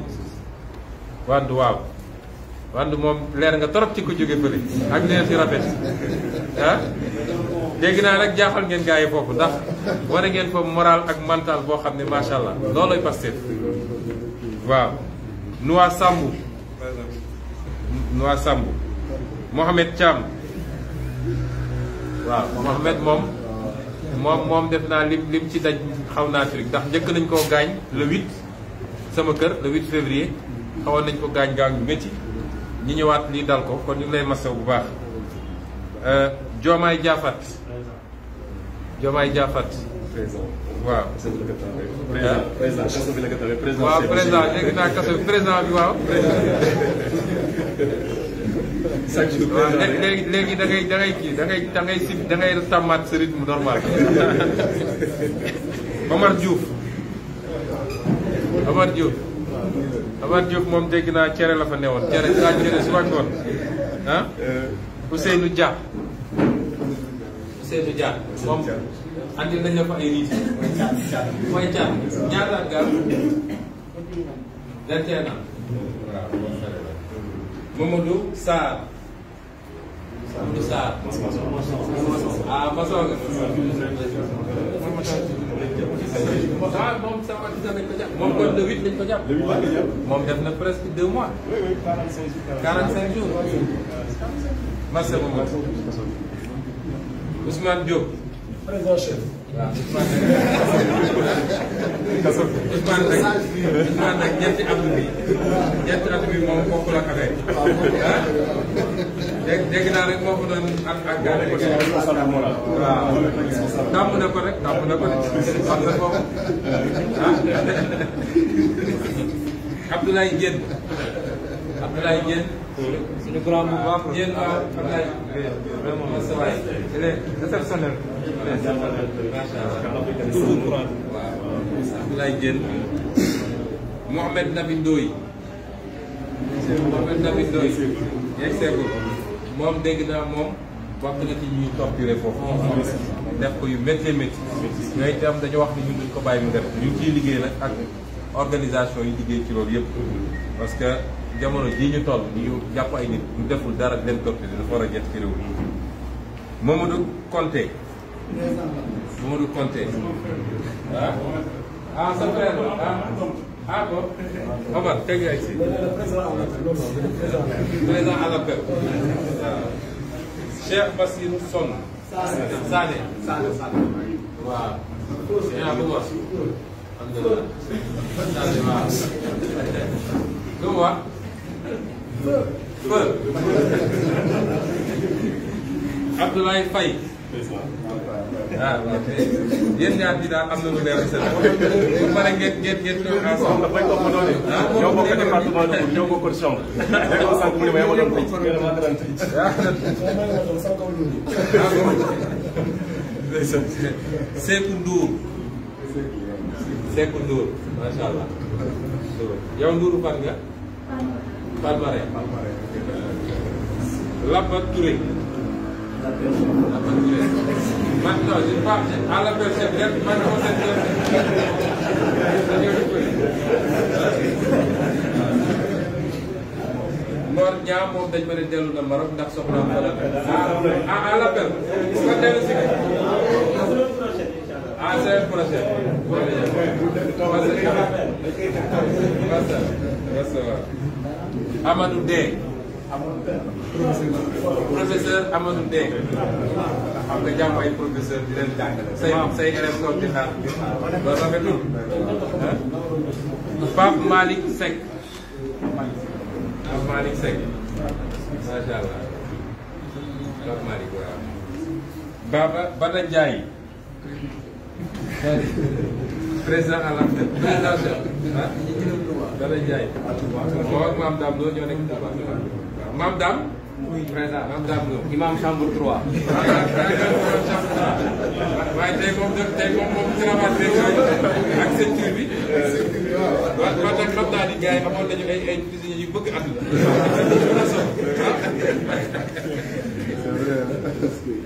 wànd waaw wànd moom leer nga torop ci ko jóge fële ak leer si rafet ah dégg naa rek jaaxal ngeen gars yi ndax war ngeen fa moral ak mental boo xam ne macha allah loolooy Pastef waaw Noa Sambu Noa Sambu Mohamed Thiam waaw Mohamed moom moom moom def naa lim lim ci daj xaw naa truc ndax njëkk nañ koo gaañ le 8 sama kër le 8 février xawoon nañ ko gaañ gaañ bu métti ñi ñëwaat lii dal ko kon ñu ngi lay masaw bu baax joomaay Diafate Diomaye Diafate président waaw président kaso bi la ko président waaw président léegi naa kaso bi président bi waaw chaque jour léegi léegi da ngay da ngay kii da ngay si da normal Omar Diouf Omar Diouf Omar Diouf moom dégg naa cere la fa newoon cere saa ah, cere suba ngoon ah Ousseynou Dia Ousseynou Dia moom andi nañ la fa ay nit mooy car ñaata Abdou Sarr. ah Masson nga. ah moom sama artisan lañ ko jàpp. moom kon le huit lañ ko jàpp. moom def na presque deux mois. oui oui quarante cinq jours. quarante cinq jours. Marcel Ousmane Diop. président chef. waaw Ousmane nag Ousmane nag ñetti at bi ñetti at bi moom bokkul ak affaire ah dégg dégg naa rek moo ko doon ak ak gàllankoor yi. waaw tàmm na ko rek tàmm na ko rek xam nga foofu ah Abdoulaye Diène Abdoulaye Diène. suñu grand mouvement. yéen waa Abdoulaye vraiment sa waay il est exceptionnel. macha allah toujours courant. waaw Abdoulaye Diène. Mohamed moom dégg naa moom bokk na ci ñuy torturer foofu. def ko yu métti métti. yooyu itam dañu wax ni ñun duñ ko bàyyi mu def ñu ciy liggéey nag ak organisation yi liggéey ci loolu yëpp. parce que. jamono jii ñu toll ñu jàpp ay nit ñu deful dara leen torturer dafa war a jot ci réew mi Mamadou Konté Mamadou Konté ah ah sa frère ah ah ko ah, Omar teg yaay si président à l'appel ah. Cheikh Bassirou Sonn Sané Sané waaw yaa bëgg wax alhamdulilah Sané waaw lu mu wax Feu. Abdoulaye Faye. ah ok yéen ñaar ñi daal am na lu leer a sën. bu paree ngeen ngeen ngeen ñëw ensemble. waaw ah, ñoo bokk département de ñoo bokk chambre. waaw sànq mu ne ma yabal na ko. Ah, Seeku Palmarin. Palmarin. Lapa Touré. Lapa Touré. Maintenant, je parle à la personne, maintenant c'est Mor Dia moom dañ ma ne dellu na Maroc ndax soxnaam fa la. ah ah l'appel. su ko dellu si. ah semaine prochaine. parce que parce que Amadou Dee professeur Amadou Dee xam nga jàmm ay professeur di leen jàngal say say élèves toog di xaar loolu rafetul Pape Malick Seck Pape Malick Seck macha allah Pape Malick waaw Baba Bada Ndiaye président à la dara jaay moo ak maam Dame Lo ñoo nekk Touba waaw maam Dame. président maam Dame Lo. imam chambre 3. waaw waaye tey moom tey moom moom cravate rek ak ceinture bi. waaw waaw nag xam naa ni gars yi amoon nañu ay ay prisonniers yu bëgg at la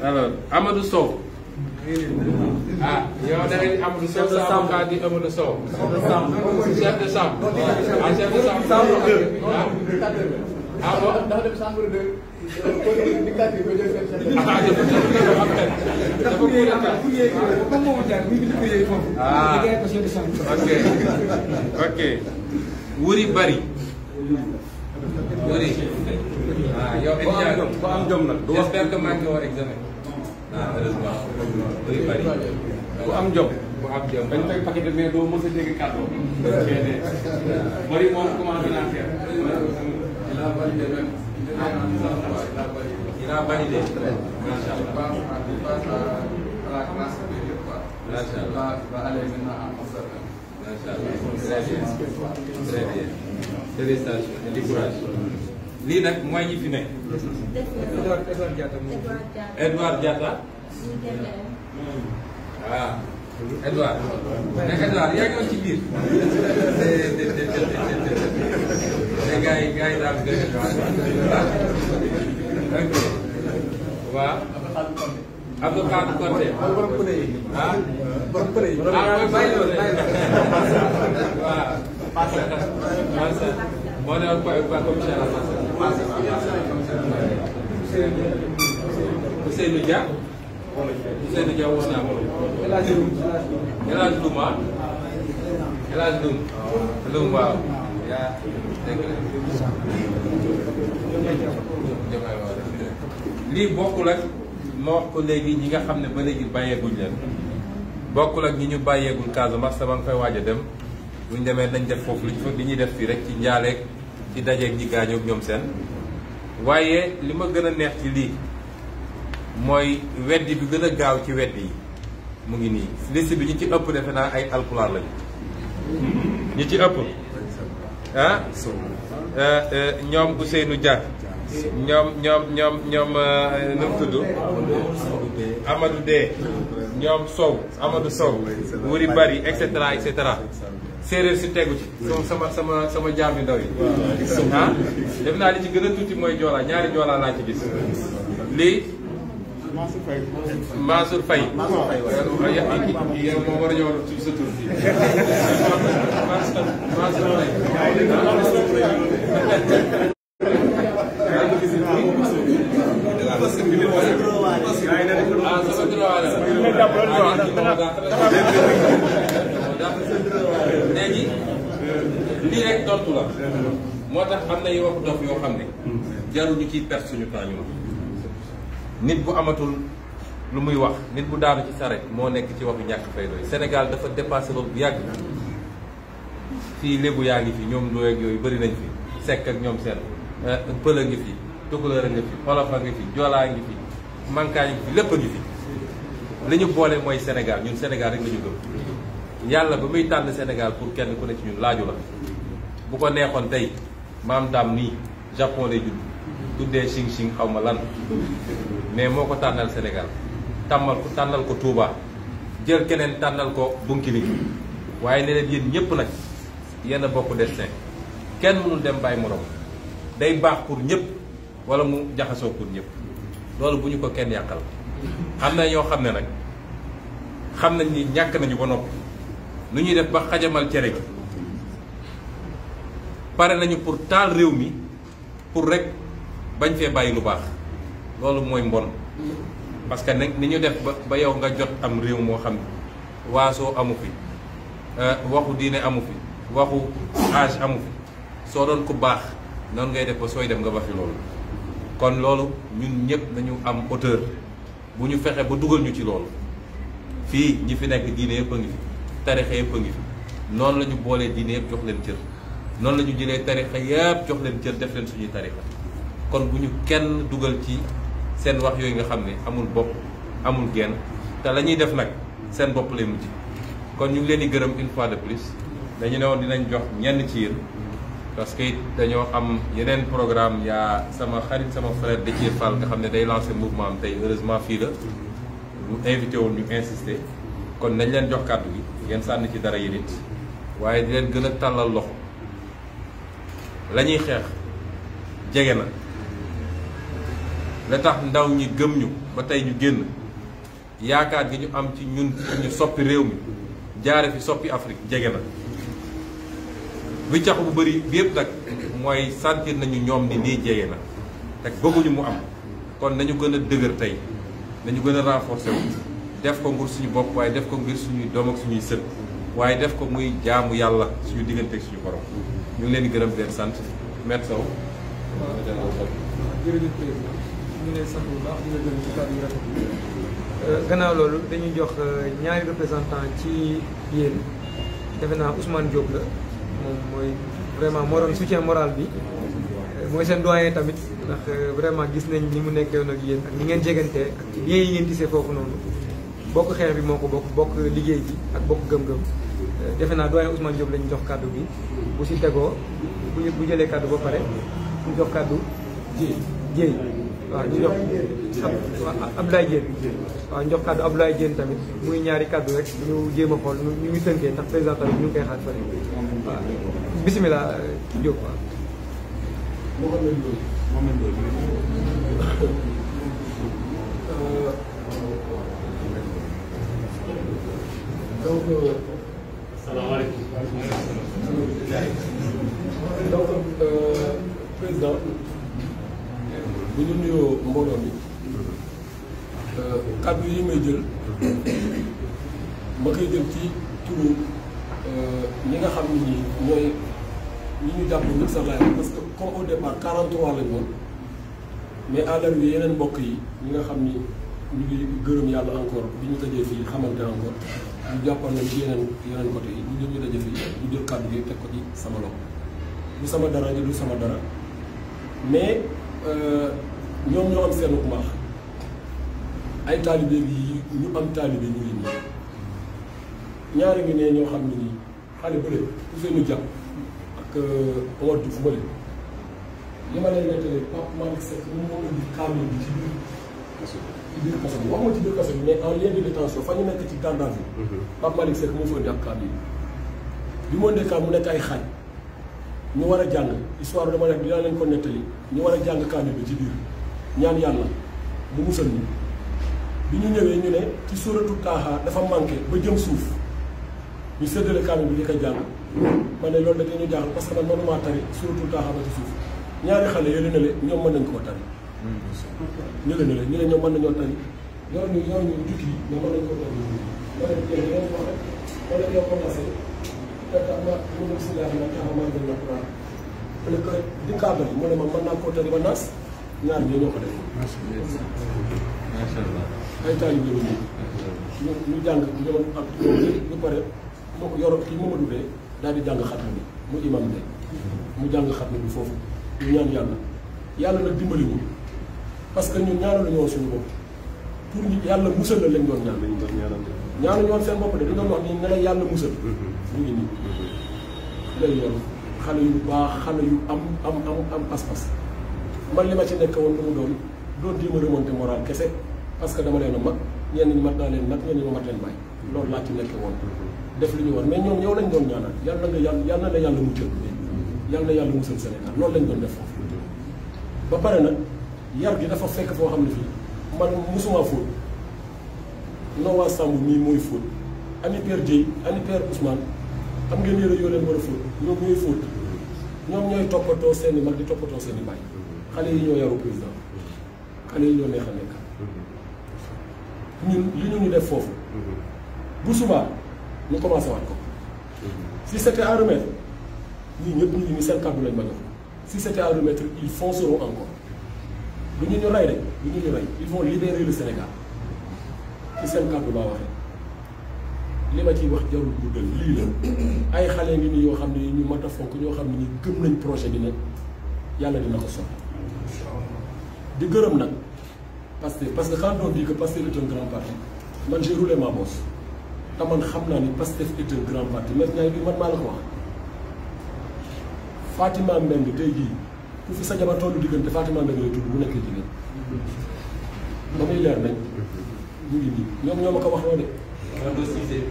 alors Amadou Sow. a ah, yow da ngeen am lu soo saabu kaa di Amadou Sow. chef de chambre. ah chef de chambre. ah, ah wuri bari. wuri. ah yow. bu am jom nag. j'espère que maa ngi war heureusement bëri bëri ku am jom ku am jom dañ koy paquet a a a validé macha lii nag mooy ñi fi ne. Edouard Diatta. waaw hmm. ah. Edouard. mais Edouard yaa ngi woon ci biir. te gars yi gars yi daal di dégg Edouard. ok waaw. Abdou Khadre Konté. ah. ah bàyyi loolu waaw. Bueno, pues va a comenzar la masa. Ousseynou Dia. Ousseynou Dia woo naa ko. lii bokkul ak ma wax ko léegi ñi nga xam ne ba léegi bàyyeeguñ leen. bokkul ak ñi ñu bàyyeegul Casamance sama nga fay waaj dem. buñ demee nañ def foofu luñ fa li ñuy def fii rek ci njaaleeg ci dajeeg ñi gaañoo ñoom seen waaye li ma gën a neex ci lii mooy weddi bi gën a gaaw ci weddi yi mu ngi nii liste bi ñu ci ëpp defe naa ay alpulaar lañu ñu ci ëpp ah eh, ñoom bu seenu ñoom ñoom ñoom ñoom eh, nu mu tudd Amadou Dee ñoom Sow Amadou Sow wuri bari et cetera et cetera séeréer si tegu ci. sama sama sama jaam ndaw yi. ah naa li ci gën a tuuti mooy joolaa ñaari joolaa laa ci gis. lii. Mansour Faye. Mansour Faye. Mansour Faye waaye yow moo war a ñëw ci sa tur bi. Mansour Mansour Faye. ah rek tontu la moo tax am na yu wax dof yoo xam ne jarul ñu ciy perte suñu temps ñu nit bu amatul lu muy wax nit bu daanu ci saret moo nekk ci waxu ñàkk fay doy Sénégal dafa dépassé loolu bu yàgg fii lébu yaa ngi fi ñoom dooy ak yooyu bari nañ fi sekk ak ñoom seen eh, pël a ngi fi tukulóor a ngi fi wolof a ngi fi joolaa ngi fi mankaa ngi fi lépp a ngi fi li ñu boole mooy Sénégal ñun Sénégal rek lañu ñu yàlla ba muy tànn Sénégal pour kenn ku ne ci ñun bu ko neexoon tey maam daam nii Japon lay judd tuddee sing sing xaw ma lan mais moo ko tànnal Sénégal tàmmal ko tànnal ko tuuba jël keneen tànnal ko Bounkiling waaye ne leen yéen ñépp nag yenn bokk destin kenn mënul dem bàyyi morom day baax pour ñépp wala mu jaxasoo pour ñépp loolu bu ñu ko kenn yàqal xam na ñoo xam ne nag xam nañ ni ñàkk nañu ba noppi nu ñuy def ba xajamal cere gi pare nañu pour taal réew mi pour rek bañ fee bàyyi lu baax loolu mooy mbon parce que nag ni ñu def ba ba yow nga jot am réew moo xam ne waasoo amu fi euh, waxu diine amu fi waxu âge amu fi soo doon ko baax noonu ngay def ba sooy dem nga ba fi loolu kon loolu ñun ñëpp nañu am hauteur bu ñu fexe ba dugal ñu ci loolu fii ñi fi nekk diine yëpp a ngi fi tarixe yëpp a ngi fi noonu lañu boolee diine yëpp jox leen cër noonu la ñu jëlee tarixa yëpp jox leen cër def leen suñuy tarixa kon bu ñu kenn dugal ci seen wax yooyu nga xam ne amul bopp amul génn te la ñuy def nag seen bopp lay mujj kon ñu ngi leen di gërëm une fois de plus dañu ne woon dinañ jox ñenn ci yéen parce que dañoo am yeneen programme yaa sama xarit sama frère Déthié Fall nga xam ne day lancé mouvement am tey heureusement fii la ñu invité woon ñu insister kon dañ leen jox kàddu gi ngeen sànni ci dara yi nit waaye di leen gën a tàllal loxo la ñuy xeex jege na la tax ndaw ñi gëm ñu ba tey ñu génn yaakaar gi ñu am ci ñun ñu soppi réew mi jaare fi soppi Afrique jege na bi cax bu bëri bi yëpp nag mooy sentir nañu ñoom ni nii jege na te bëgguñu mu am kon nañu gën a dëgër tey nañu gën a renforcer wu def ko ngir suñu bopp waaye def ko ngir suñuy doom ak suñuy sët waaye def ko muy jaamu yàlla suñu diggante suñu borom ñu ngi leen di gërëm sant maître Sow. waaw jërëjëf président ñu ngi lay euh, gannaaw loolu dañuy jox euh, ñaari représentant ci yéen defe naa Ousmane Diop la moom mooy vraiment moo doon soutien moral bi. Euh, mooy seen doyen tamit ndax vraiment gis nañ ni mu nekkee nag ak yéen ak ni ngeen jegantee ak lien yi ngeen gisee foofu noonu bokk xeex bi moo ko bokk bokk liggéey bi ak bokk gëm-gëm. defe naa doyen Ousmane Diop lañu jox kàddu bi bu si tegoo bu ñu bu jëlee kàddu ba pare ñu jox kàddu Dieye Dieye waaw ñu jox Abdoulaye Diène waaw ñu jox kàddu Abdoulaye Diène tamit muy ñaari kàddu rek ñu jéem a xool ñu ñu tënkee ndax président tamit ñu ngi koy xaar fële waaw bisimilah Diop waaw euh, donc euh, salaamaaleykum. Euh, donc président euh, bu ñu nuyoo mbooloo bi euh, kàddu yi may jël ma koy jël ci turu ñi nga xam ni mooy ñi ñu jàpp ni sa laay parce que comme au départ 43 lañ woon mais à l'arrivée yeneen mbokk yi ñi nga xam ni ñu ngi gërëm yàlla encore bi ñu tëjee fii xamante encore. ñu jàppoon nañ ci yeneen yeneen côté yi ñu jël a daje fii ñu jël kàddu gi teg ko ci sama loxo du sama dara du sama dara mais euh, ñoom ñoo am seenu mbaax ay taalibe bi ñu am taalibe ñu ngi nii ñaari ngi ne ñoo xam ne nii xale bu leen Ousseynou Dia ak euh, Omar Diouf Mbale li ma lay nettali Pape Malick Seck moom moo indi kaamil bi ci biir ci biir kaso bi waxuma ci biir kaso bi mais en lien de détention fa ñu nekk ci garde à mhm. moo fa mu indee ay xaaj ñu war a jàng histoire dama nekk dinaa leen ko nettali ñu war a jàng kaam bi ci biir ñaan yàlla mu musal ñu bi ñu ñëwee ñu ne ci suratu Taaha dafa manqué ba jëm suuf ñu séddale kaam bi di ko jàng ma ne loolu da ñu jaaxal parce que man mënumaa tari suratu Taaha ba ci suuf ñaari xale yële na le ñoom mën nañ koo tari ñu ne ñu ne ñoom mën nañoo tari yor ñu yor ñu jukki yi ñoom mën nañu ñoo ko wax rek wala ñoo commencé dafa mën na si laaj ma taxawaay bi la Qur'an parce di kàddu mu ma mën naa ko tari ba naas ñaar ñoo ñoo ko def. macha allah ay taal yu bëri ñu ñu jàng ñoom ak ñoom ñi ñu pare moo ko yoroon kii Mamadou Bey daal di jàng xatma bi mu imam bi mu jàng xatma bi foofu ñu ñaan yàlla yàlla nag dimbaliwul parce que ñun ñaanal ñoo suñu bopp pour ñu yàlla musal la lañ doon ñaan. lañ doon ñaanal ñaanu ñoon seen bopp de dañ doon wax ni ne la yàlla musal. Mhm. ñu ngi xale yu baax xale yu am am am am pas-pas man li ma ci nekk woon lu mu doon doon jéem a remonter moral kese parce que dama leen a mag ñenn ñi naa leen nag ñenn ñi ma mat leen bàyyi. loolu laa ci nekk woon def li ñu war mais ñoom yow lañ doon ñaanal yàlla nga yàlla yàlla na yàlla muccal yàlla na yàlla musal Sénégal lañ doon def foofu ba pare nag. yar bi dafa fekk foo xam ne fii man mosuma fóot Nowa Samb mii mooy fóot Ami Père Dieye Ami Père Ousmane am ngeen yére yoo leen war a fóot ñoom ñooy fóot ñoom ñooy toppatoo seen mag di toppatoo seen i baay xale yi ñoo yaru président xale yi ñoo neex a nekk ñun li ñu ñu def foofu bu subaa ñu commencé waat ko si c'était à remettre ñëpp ñu ngi seen kàddu lañ ma jox si c'était à remettre ils encore bu ñu ñu rey rek bu ñu ñu rey ils de libérer le Sénégal ci seen kàddu laa waxee li ma ciy wax jarul guddal lii la ay xale ngi nii yoo xam ne ñu mat a fonk ñoo xam ne ñu gëm nañ projet bi nekk yàlla dina ko sotti di gërëm nag parce que parce que quand on dit que Pastef est un grand parti man j'ai roulé ma bosse te man xam naa ni Pastef est un grand parti maintenant bi man maa la ko wax Fatima Mbengue tey jii. ku fi sa jabar tollu diggante Fatima Mbengue lay tudd mu nekk jigéen ba muy leer nañ ñu ngi nii ñoom ñoo ma ko wax de. ci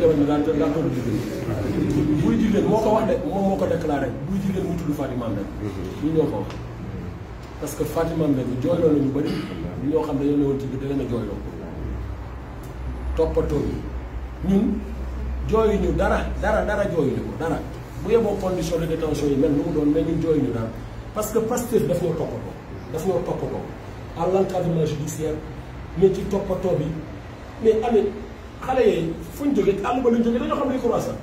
jabar bi daan daan tollu jigéen buy jigéen moo ko wax de moom moo ko déclaré buy jigéen mu tudd Fatima Mbengue ñu ñoo ko wax parce que Fatima Mbengue jooyloo la ñu bëri ñoo xam dañoo newoon ci biir da leen toppatoo ñun jooyuñu dara dara dara jooyuñu ko dara bu yemoo condition de détention yi mel nu mu doon mais ñun jooy ñu naan parce que Pastef daf ñoo toppatoo daf ñoo toppatoo à l'encadrement judiciaire mais ci toppatoo bi mais amee xale yee fu ñu jógee àll ba lu ñu jógee a xam ne croissant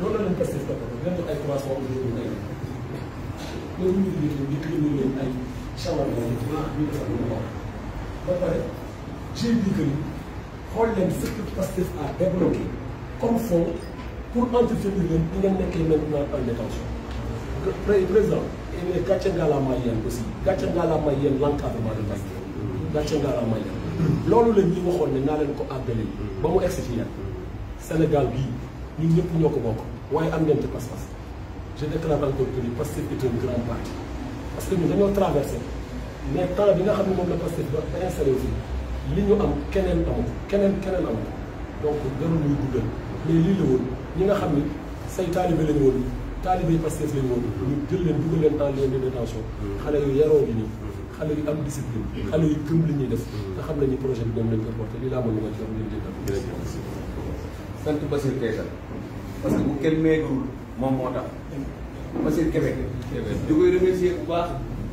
loolu la leen Pastef toppatoo di leen jox ay croissant au jour bi mais bu ñu liggéey di tëjee ñu leen ay chawal yooyu ñu defal lu mu wax ba pare j'ai dit que xool leen à débloqué comme pour entretenir leen di ngeen nekkee maintenant en détention président et gàcce ngalaama yéen aussi gàcce ngalaama yéen l'encadrement de Pastef gàcce ngalaama yéen loolu la ñuy waxoon ne naa leen ko àggale ba mu egsi fi yéen Sénégal bii ñun ñëpp ñoo ko bokk waaye am ngeen ci pas-pas je déclare encore que ni Pastef est un grand traversé mais temps bi nga xam ne moom la Pastef ba installé aussi li ñu am keneen amu keneen keneen amu donc gënu guddal mais lii la woon ñi nga xam ni say taalibe lañu woon taalibe Pastef lañu woon ñu jël leen dugal leen dans les lieux de détention mm. xale yu yaroo bi nii mm. xale yu am discipline xale yu gëm li ñuy def nga mm. xam ñu projet bi ñoom lañ koy porté lii laa mën lu ma ci wax lén dé sant Bassirou Keita parce que bu kenn meegul moom moo tax Bassirou Kébé di koy remercier bu baax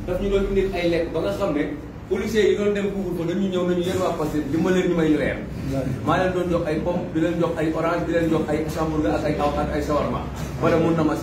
daf ñu doon indil ay lekk ba nga xam ne policiers yi doon dem couvre feu dañu ñëw nañu yéen waa Pastef dimbaleen ñu may reer maa leen doon jox ay pomme di leen jox ay orange di leen jox ay hamburger ay aw ak ay shawarma wala na ma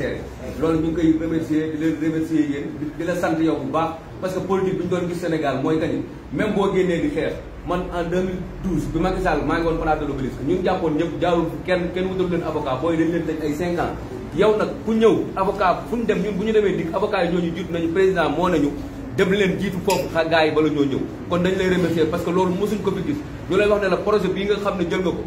loolu ñu ngi koy remercier di leen remercier yéen di la sant yow bu baax parce que politique bi ñu doon gis Sénégal mooy kañ même boo génnee di xeex man en 2012 bi Macky Sall maa ngi woon place de l'Obélisque ñun jàppoon ñëpp jaawul kenn kenn wutal leen avocat booy dañ leen tëj ay 5 ans yow nag ku ñëw avocat fu ñu dem ñun bu ñu demee dikk avocat yi ñooñu jiitu nañu président moo nañu dem leen jiitu foofu xa gars yi bala ñoo ñëw kon dañ lay remercier parce que loolu mosuñ ko fi gis ñu lay wax ne la projet bii nga xam ne jël nga ko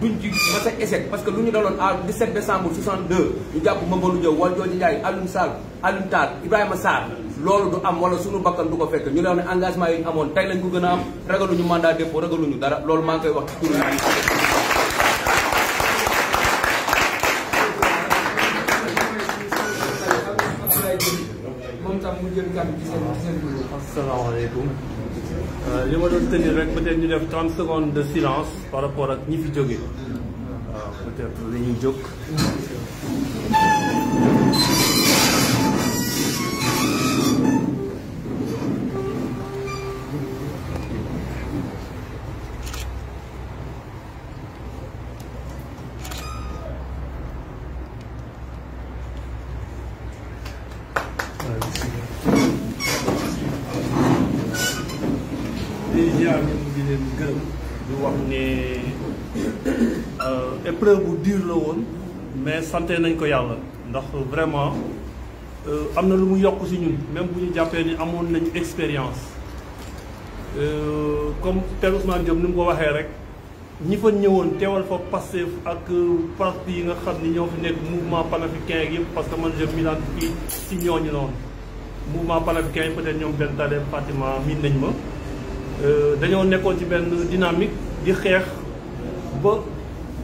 duñ ci ma sa échec parce lu ñu daloon à 17 décembre 62 ñu jàpp Mamadou Diaw wala Jooji Ndiaye Alioune Sall Alioune Tall Ibrahima Sarr loolu du am wala suñu bakkan du ko fekk ñu lay wax ne engagement yi ñu amoon tey lañ ko gën a am ragaluñu mandat dépôt ragaluñu dara loolu maa ngi koy wax ci tur salaamaaleykum euh, li ma doon tenir rek peut-être ñu def 30 secondes de silence par rapport ak ñi fi jóge waaw ah, peut-être dañuy jóg. sante nañ ko yàlla ndax vraiment euh, am na lu mu yokk si ñun même bu ñu jàppee ni amoon nañu expérience euh, comme Père Ousmane Diop ni mu ko waxee rek ñi fa ñëwoon teewal fa Pastef ak euh, parti yi nga xam ni ñoo fi nekk mouvement panafricain ak yëpp parce que man je m'identifie si ñooñu noonu mouvement panafricain yi peut être ñoom benn tale pratiquement miin nañ ma dañoo nekkoon ci benn dynamique di xeex ba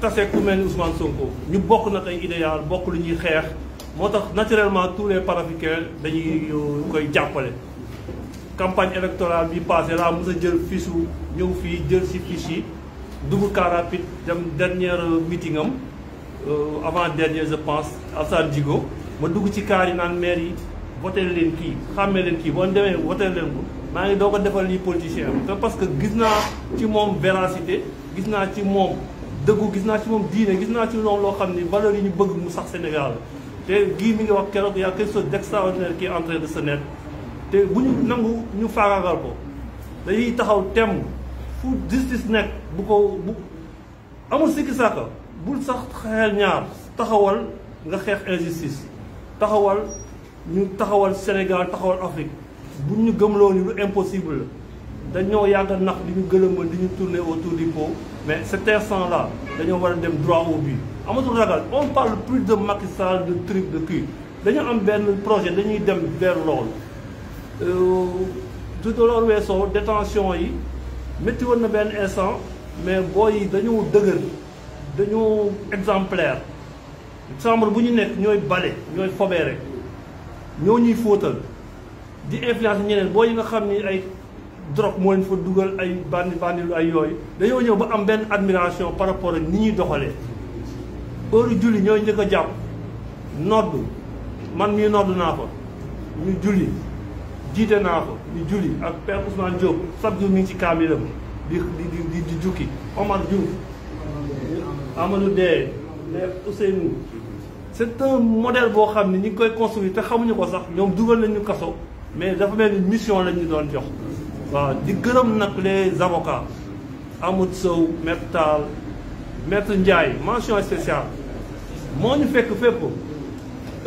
tase ku mel ni Ousmane Sonko ñu bokk na ay idéal bokk lu ñuy xeex moo tax naturellement tous les paraafricains dañuy euh, koy jàppale. campagne électorale bi passé laa mos a jël fiche su ñëw fii jël si fiche yi dugg car rapide dem dernière euh, meeting am euh, avant dernier je pense Assane Djigo ma dugg ci kaar yi naan maire yi voté leen kii xàmmee leen kii boo demee voté leen ko maa ngi doo ko defal lii politicien am parce que gis naa ci moom véracité gis naa ci moom. dëggu gis naa ci moom diine gis naa ci moom loo xam ni valeur yi ñu bëgg mu sax Sénégal te gii mi ngi wax keroog y a quelque chose d'extraordinaire qui est en de se te bu ñu nangu ñu faagaagal ko dañuy taxaw temm fu justice nekk bu ko bu amul sikki sàkka bul sax xeel ñaar taxawal nga xeex injustice taxawal ñu taxawal Sénégal taxawal Afrique bu ñu gëmloo ni lu impossible la dañoo yàgg nax li ñu gëlëmal di ñu tourner autour du pot mais ces personnes la dañoo war a dem droit au but amatul ragal on parle plus de Macky Sall de truc de kii dañu am benn projet dañuy dem vers loolu. Euh, tout de loolu weesoo yi métti woon na benn instant mais booy yi dañoo dëgër dañoo exemplaire chambre bu ñu nekk ñooy bale ñooy fobee rek ñoo ñuy fóotal di influence ñeneen booy yi nga xam ni ay. drogue moo leen fa dugal ay bandi bandi ay yooyu dañoo ñëw ba am benn admiration par rapport ak ni ñuy doxalee heure julli ñooy njëkk a jàpp noddu man mii noddu naa ko ñu julli jiite naa ko ñu julli ak père Ousmane Diop chaque jour mi ngi ci kaamilam di di di jukki Omar Diouf Amadou Deye les Ousseynou c'est un boo xam ne ñi ngi koy construire te xamuñu ko sax ñoom dugal nañu kaso mais dafa mel ni mission lañ ñu doon jox waaw di gërëm nag les avocats Amadou Sow maître Tall maître Ndiaye mention moo ñu fekk fépp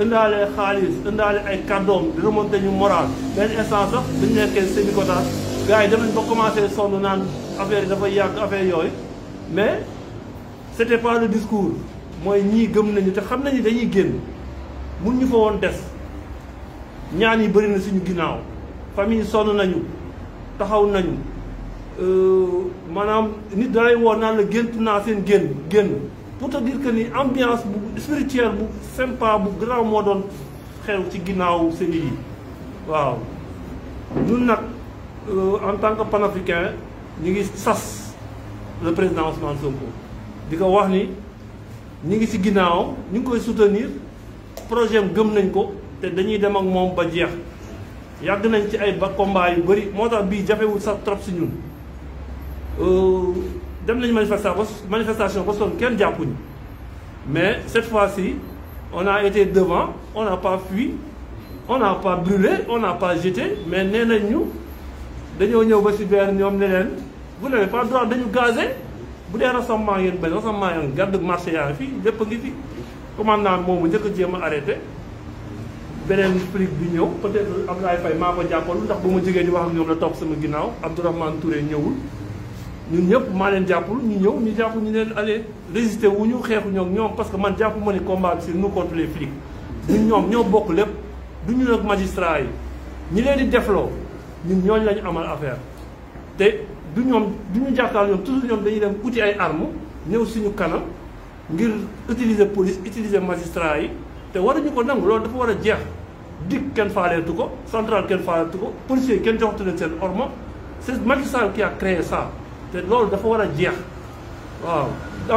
indaale xaalis indaale ay kàddoom di remonté ñu moral benn instant sax dañu nekkee semi-cotard gars yi dem nañ ba commencé sonn naan affaire yi dafa yàgg affaire yooyu mais c'était pas le discours mooy ñii gëm nañu te xam nañu dañuy génn mun ñu fa woon des ñaan yi bëri na suñu ginnaaw famille sonn nañu taxaw nañu euh, maanaam nit dalay woo naa la gént naa seen génn génn pour te que ni ambiance bu spirituelle bu sympa bu grand moo doon xew ci ginnaaw seen yi waaw ñun nag euh, en tant que panafricain ñu ngi sas le président Ousmane Sonko di ko wax ni ñu ngi ci ginnaaw ñu ngi koy soutenir projet gëm nañ ko te dañuy dem ak moom ba jeex yàgg nañ ci ay ba combat yu bëri moo tax bii jafewul sax trop si ñun euh, dem nañ manifestation manifestation ba sonn kenn jàppuñu mais cette fois si on a été devant on n'a pas fui on n'a pas brûlé on a pas jeté mais nee nañ ñu dañoo ñëw ba si beer ñoom ne leen vous n'avez pas droit dañu gazé bu dee rassemblement ngeen bañ rassemblement yaa ngi garde marché yaa ngi fi lépp ngi fi commandant moomu njëkk a jéem a arrêté beneen flic bi ñëw peut-être Abdoulaye Faye maa ko jàppoon ndax bu ma jógee di wax ak ñoom la toog sama ginnaaw Abdourahmane Touré ñëwul ñun ñëpp maa leen jàppul ñu ñëw ñu jàpp ñu leen allez résister wu ñu xeexu ñoom ñoom parce que man jàpp ma ni combat bi c'est nous contre les flics ñun ñoom ñoo bokk lépp du ñu nag magistrat yi ñi leen di defloo ñun ñooñu lañu amal affaire te du ñoom du ñu jàkkaar ñoom toujours ñoom dañuy dem uti ay armes ñëw suñu kanam ngir utiliser police utiliser magistrat yi te waruñu ko nangu loolu dafa war a jeex dikk kenn faaleetu ko central kenn faaleetu ko policier kenn joxatu leen seen orma c'est Macky Sall qui a créé ça te loolu dafa war a jeex waaw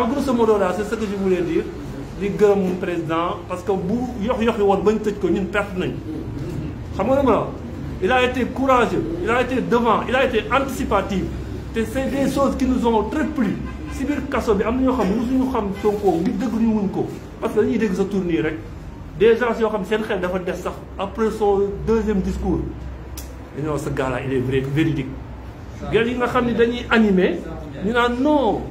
en grosso modo daal c'est ce que je voulais dire di gërëm président parce que bu yox yoxi woon bañ tëj ko ñun perte nañ xam nga ma la il a été courageux il a été devant il a été anticipatif te c'est des choses qui nous ont très si biir kaso bi am na ñoo xam musuñu xam Sonko bi dégg ñu wuñ ko parce que dañuy dégg sa tour rek des gens yoo xam seen xel dafa des sax après son deuxième discours non ce gars là il est vrai véridique. gars yi nga xam ne dañuy animé ñu naan non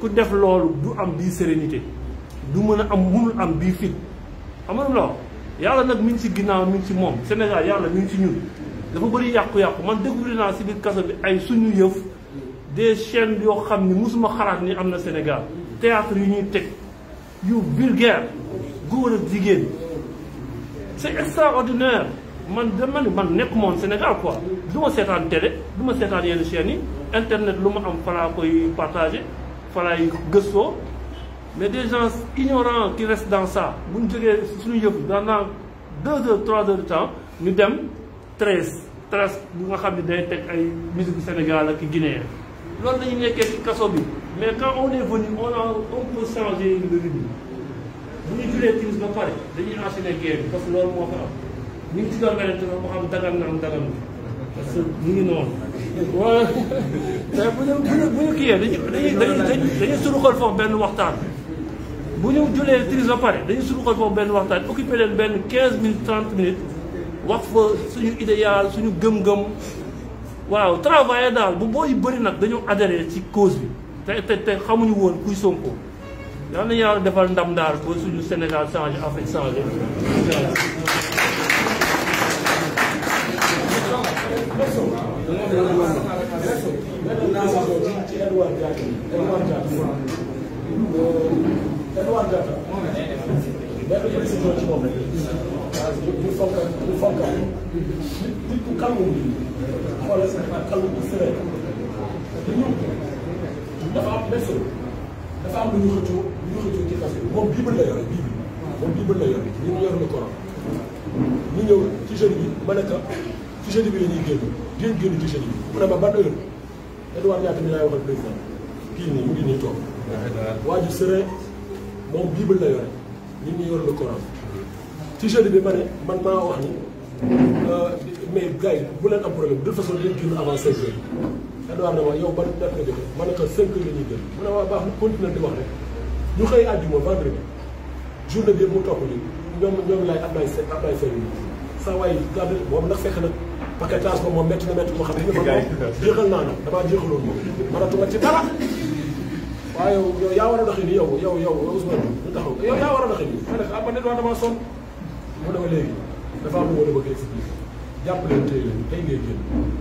ku def loolu du am bii sérénité du mën a am munul am bii fit amul loo yàlla nag mi ngi si ginnaaw mi ngi si moom Sénégal yàlla mi ngi ci ñun. dafa bëri yàqu-yàqu man découvrir naa si biir kaso bi ay suñu yëf des chaînes yoo xam ni musuma xalaat ni am na Sénégal théâtre yu ñuy teg yu vulgaire. góor ak jigéen c'est extraordinaire man dama ne man nekk moom Sénégal quoi du ma seetaan télé du seetaan yenn chaînes yi internet lu ma am falaa koy partagé falaay gëstoo mais des gens ignorants qui restent dans ça bu ñu jógee suñu yëf pendant deux heures trois heures de temps ñu dem treize treize bu nga xam ne day teg ay musique Sénégal ak Guinée loolu la ñu nekkee ci kaso bi mais quand on est venu on a on peut changer le rythme bu ñu julee timis ba pare dañuy enchaîner géej bi parce que loolu moo fa am ñu ngi ci doon beneen tamit moo xam dagal na am dagal parce que ñu ngi noonu. waaw te bu ñu bu ñu bu ñu dañuy dañuy dañuy dañuy suruxal foofu benn waxtaan. bu ñu julee timis ba pare dañuy suruxal foofu benn waxtaan occupé leen benn quinze minutes 30 minutes wax fa suñu idéal suñu gëm-gëm. waaw travailler daal bu booy bëri nag dañoo adhéré ci cause bi te te xamuñu woon kuy Sonko. yal nañu yàlla defal ndam daal ba suñu Sénégal changé Afrique joxe ci xasida moom bible la yore bible moom bible la yore ñun yor na Coran ñu ñëw ci jeune bi ma ne ko ci bi la ñuy génn génn kii nii mu ngi nii toog waa ji serein moom bible bi ma man maa wax ni euh, mais gars bu leen am problème de toute façon dañ génn avant cinq heures Edouard ne ma yow ban date nga joxe ma ne ko cinq heures la ñuy génn mu ne waa baax na continuer di wax rek ñu xëy àjjuma vendredi journée bi mu topp nii ñoom ñoom laay Ablaye Seydou Ablaye Seydou saa waay gàddu moom ndax fekk na paquetage ba moom métti na métti moo xam ne jéexal naa na damaa jéexaloon moom mënatuma ci dara waaye yow yaa war a doxee nii yow yow yow Ousmane lu taxaw yow yaa war a doxee nii ne ah man de damaa sonn mu dama léegi dafa am lu ma bëgg expliquer jàpp leen tey leen tey ngay génn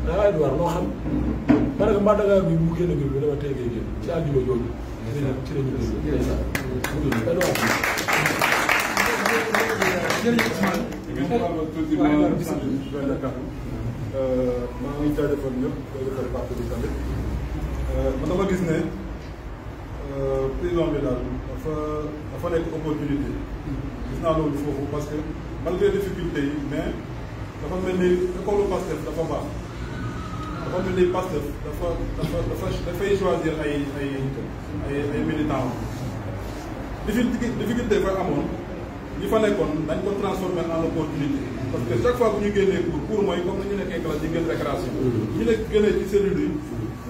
da ngay war loo xam ma ne ko mbaa da ngaa bi mu génn bi dama tey ngay génn ci àjjuma jooju maa ngi jaajëfal ñëpp jaajëfal parti bi tamit man dama gis ne président bi daal dafa dafa nekk opportunité gis naa loolu foofu parce que malgré difficulté yi mais dafa mel ni école Pastef dafa baax dafa mel ni Pastef dafa dafa dafa dafay choisir ay ay ay ay militants li fi difficulté fa amoon ñi fa nekkoon dañ ko transformé en opportunité parce que chaque fois bu ñu génnee cours cours mooy comme nañu nekkee classe yi gën récréation ñu nekk génnee ci cellule yi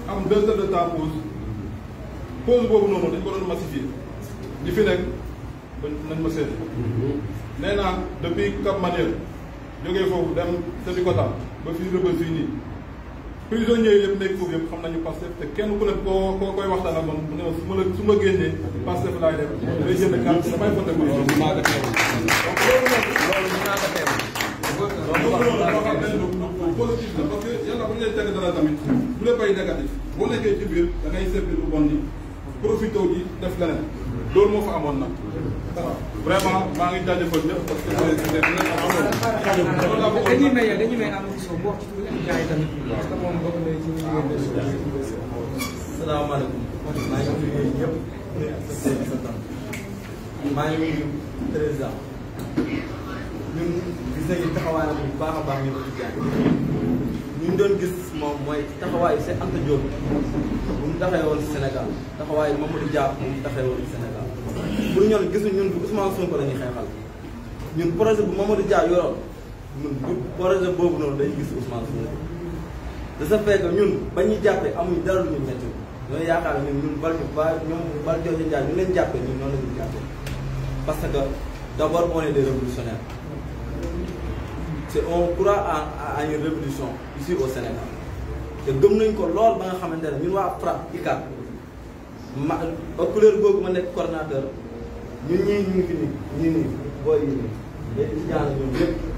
am deux heures de temps pause pause boobu noonu dañ ko doon massifier ñi fi nekk nañ ma seet nee naa depuis Cap Manuel jógee foofu dem Sébikotane ba fii Rebeuss fii nii prisonniers yi yëpp nekk foofu yëpp xam nañu Pastef te kenn ku ne koo koo koy waxtaan ak moom mu ne su ma la su ma génnee Pastef laay def day jënd carte damay voté ko loolu mën naa ko teewlu loolu mën naa ko teewlu loolu loo xam ne lu positif la parce que yàlla bu ñu lay teg dara tamit bu la bay négatif boo nekkee ci biir da ngay seetlu lu bon ni profité ji def leneen loolu moo fa amoon nag vraiment maa ngi jaajëfal ñëpp parce que dañuy may dañuy may am soo kaay tamit. waaw parce que moom bokk na ci salaamaaleykum. maa ngi nuyu maa ngi nuyu président. gis nañu taxawaayam bu baax a baax ñu ko ci jaay. doon gis moom mooy taxawaayu Cheikh Anta Diop. bu mu taxee woon ci Sénégal taxawaayu Mamadou Dia bu mu taxee woon ci Sénégal. pour ñoom gisuñ ñun bu Ousmane Sonko la ñuy xeexal. ñun projet bu Mamadou Dia yoroon. ñun ñun projet boobu noonu dañu gis Ousmane Sonko de ce fait que ñun ba ñuy jàppee amuñu dara lu ñu métti ñooy yaakaar ñun ba bal ba ñoom bal jooju njaay ñu leen jàppee ñun noonu la ñu jàppee parce que d' abord on est des révolutionnaires c'est on croit à à une révolution ici au Sénégal te gëm nañ ko lool ba nga xamante ne ñun waa FRAPP ICAT ma ak couleur googu ma nekk coordonnateur ñun ñii ñu ngi fi nii ñii nii booy yi nii léegi ñaar ñoom yëpp.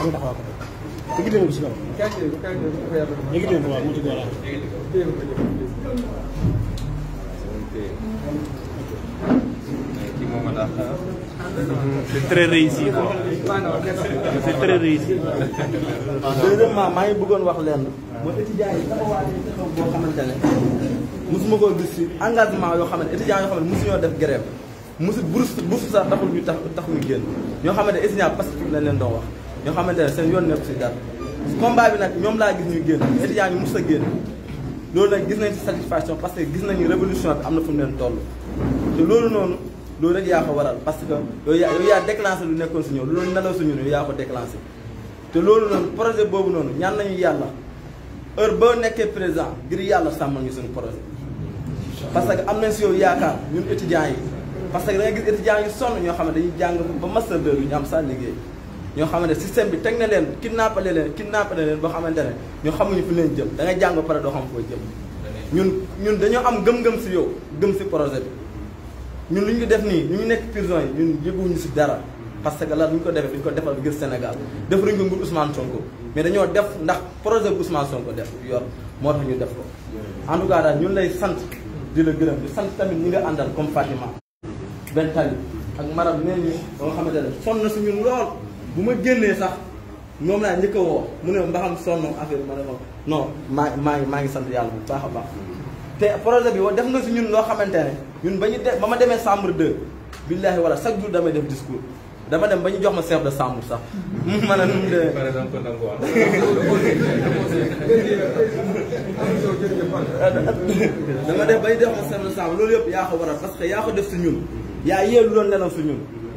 nga taxawal ko tey. yëkkati leen ko si kaw. yëkkati leen ko waaw mu ci góor C'est très réussi quoi. C'est maa ngi bëggoon wax lenn mooy étudiants koo gis ci engagement yoo xam ne étudiants yoo xam ne mosuñoo def grève mosu bourse bourse sax taxul ñu tax taxul ñu génn ñoo xamante ne étudiant pacifique lañ leen doo wax ñoo xamante ne seen yoon nekk si dara combat bi nag ñoom laa gis ñuy génn étudiants ñu mus a génn loolu nag gis nañ ci satisfaction parce que gis nañu révolution bi am na fu mu leen toll te loolu noonu loolu rek yaa ko waral parce que yooyu yaa yooyu lu nekkoon si ñoom loolu nelaw si ñun yooyu yaa ko déclenché te loolu noonu projet boobu noonu ñaan nañu yàlla heure ba nekkee président ngir yàlla sàmmal ñu suñu projet parce que am nañ si yow yaakaar ñun étudiants yi parce que da nga gis étudiants ñoo xam ne dañuy jàng ba master 2 ñu am ñoo xamante système bi teg na leen kidnappale leen kidnappale leen boo xamante ne ñoo xamuñu fi leen jëm jàng ba pare doo xam foo jëm ñun ñun dañoo am gëm-gëm si yow gëm si projet bi ñun lu ñu def nii ñu ñu nekk prison yi ñun yëguñu si dara parce que la lu ñu ko defee duñu ko defal ngir Sénégal defaruñu ko ngir Ousmane Sonko mais dañoo def ndax projet bu Ousmane Sonko def yor moo tax ñu def ko en tout cas lay sant di la gërëm di sant tamit ñi nga àndal comme Fatima benn tali ak Maram mel ni ba xamante ne sonn na si ñun lool bu ma génnee sax moom naa njëkk a woo mu ne mbaxam sonn affaire bi ma ne ma non maa maa ngi maa ngi sant yàlla bu baax a baax. te projet bi def nga si ñun loo xamante ne ñun ba ñu def ba ma demee chambre 2 billaahi wala chaque jour damay def discours dama dem ba ñu jox ma chef sax. ma ne nu de. par exemple dama def ba ñu jox ma chef de chambre loolu yëpp yaa ko waral a que yaa ko def si ñun. yaa yéelu loolu nenam si ñun.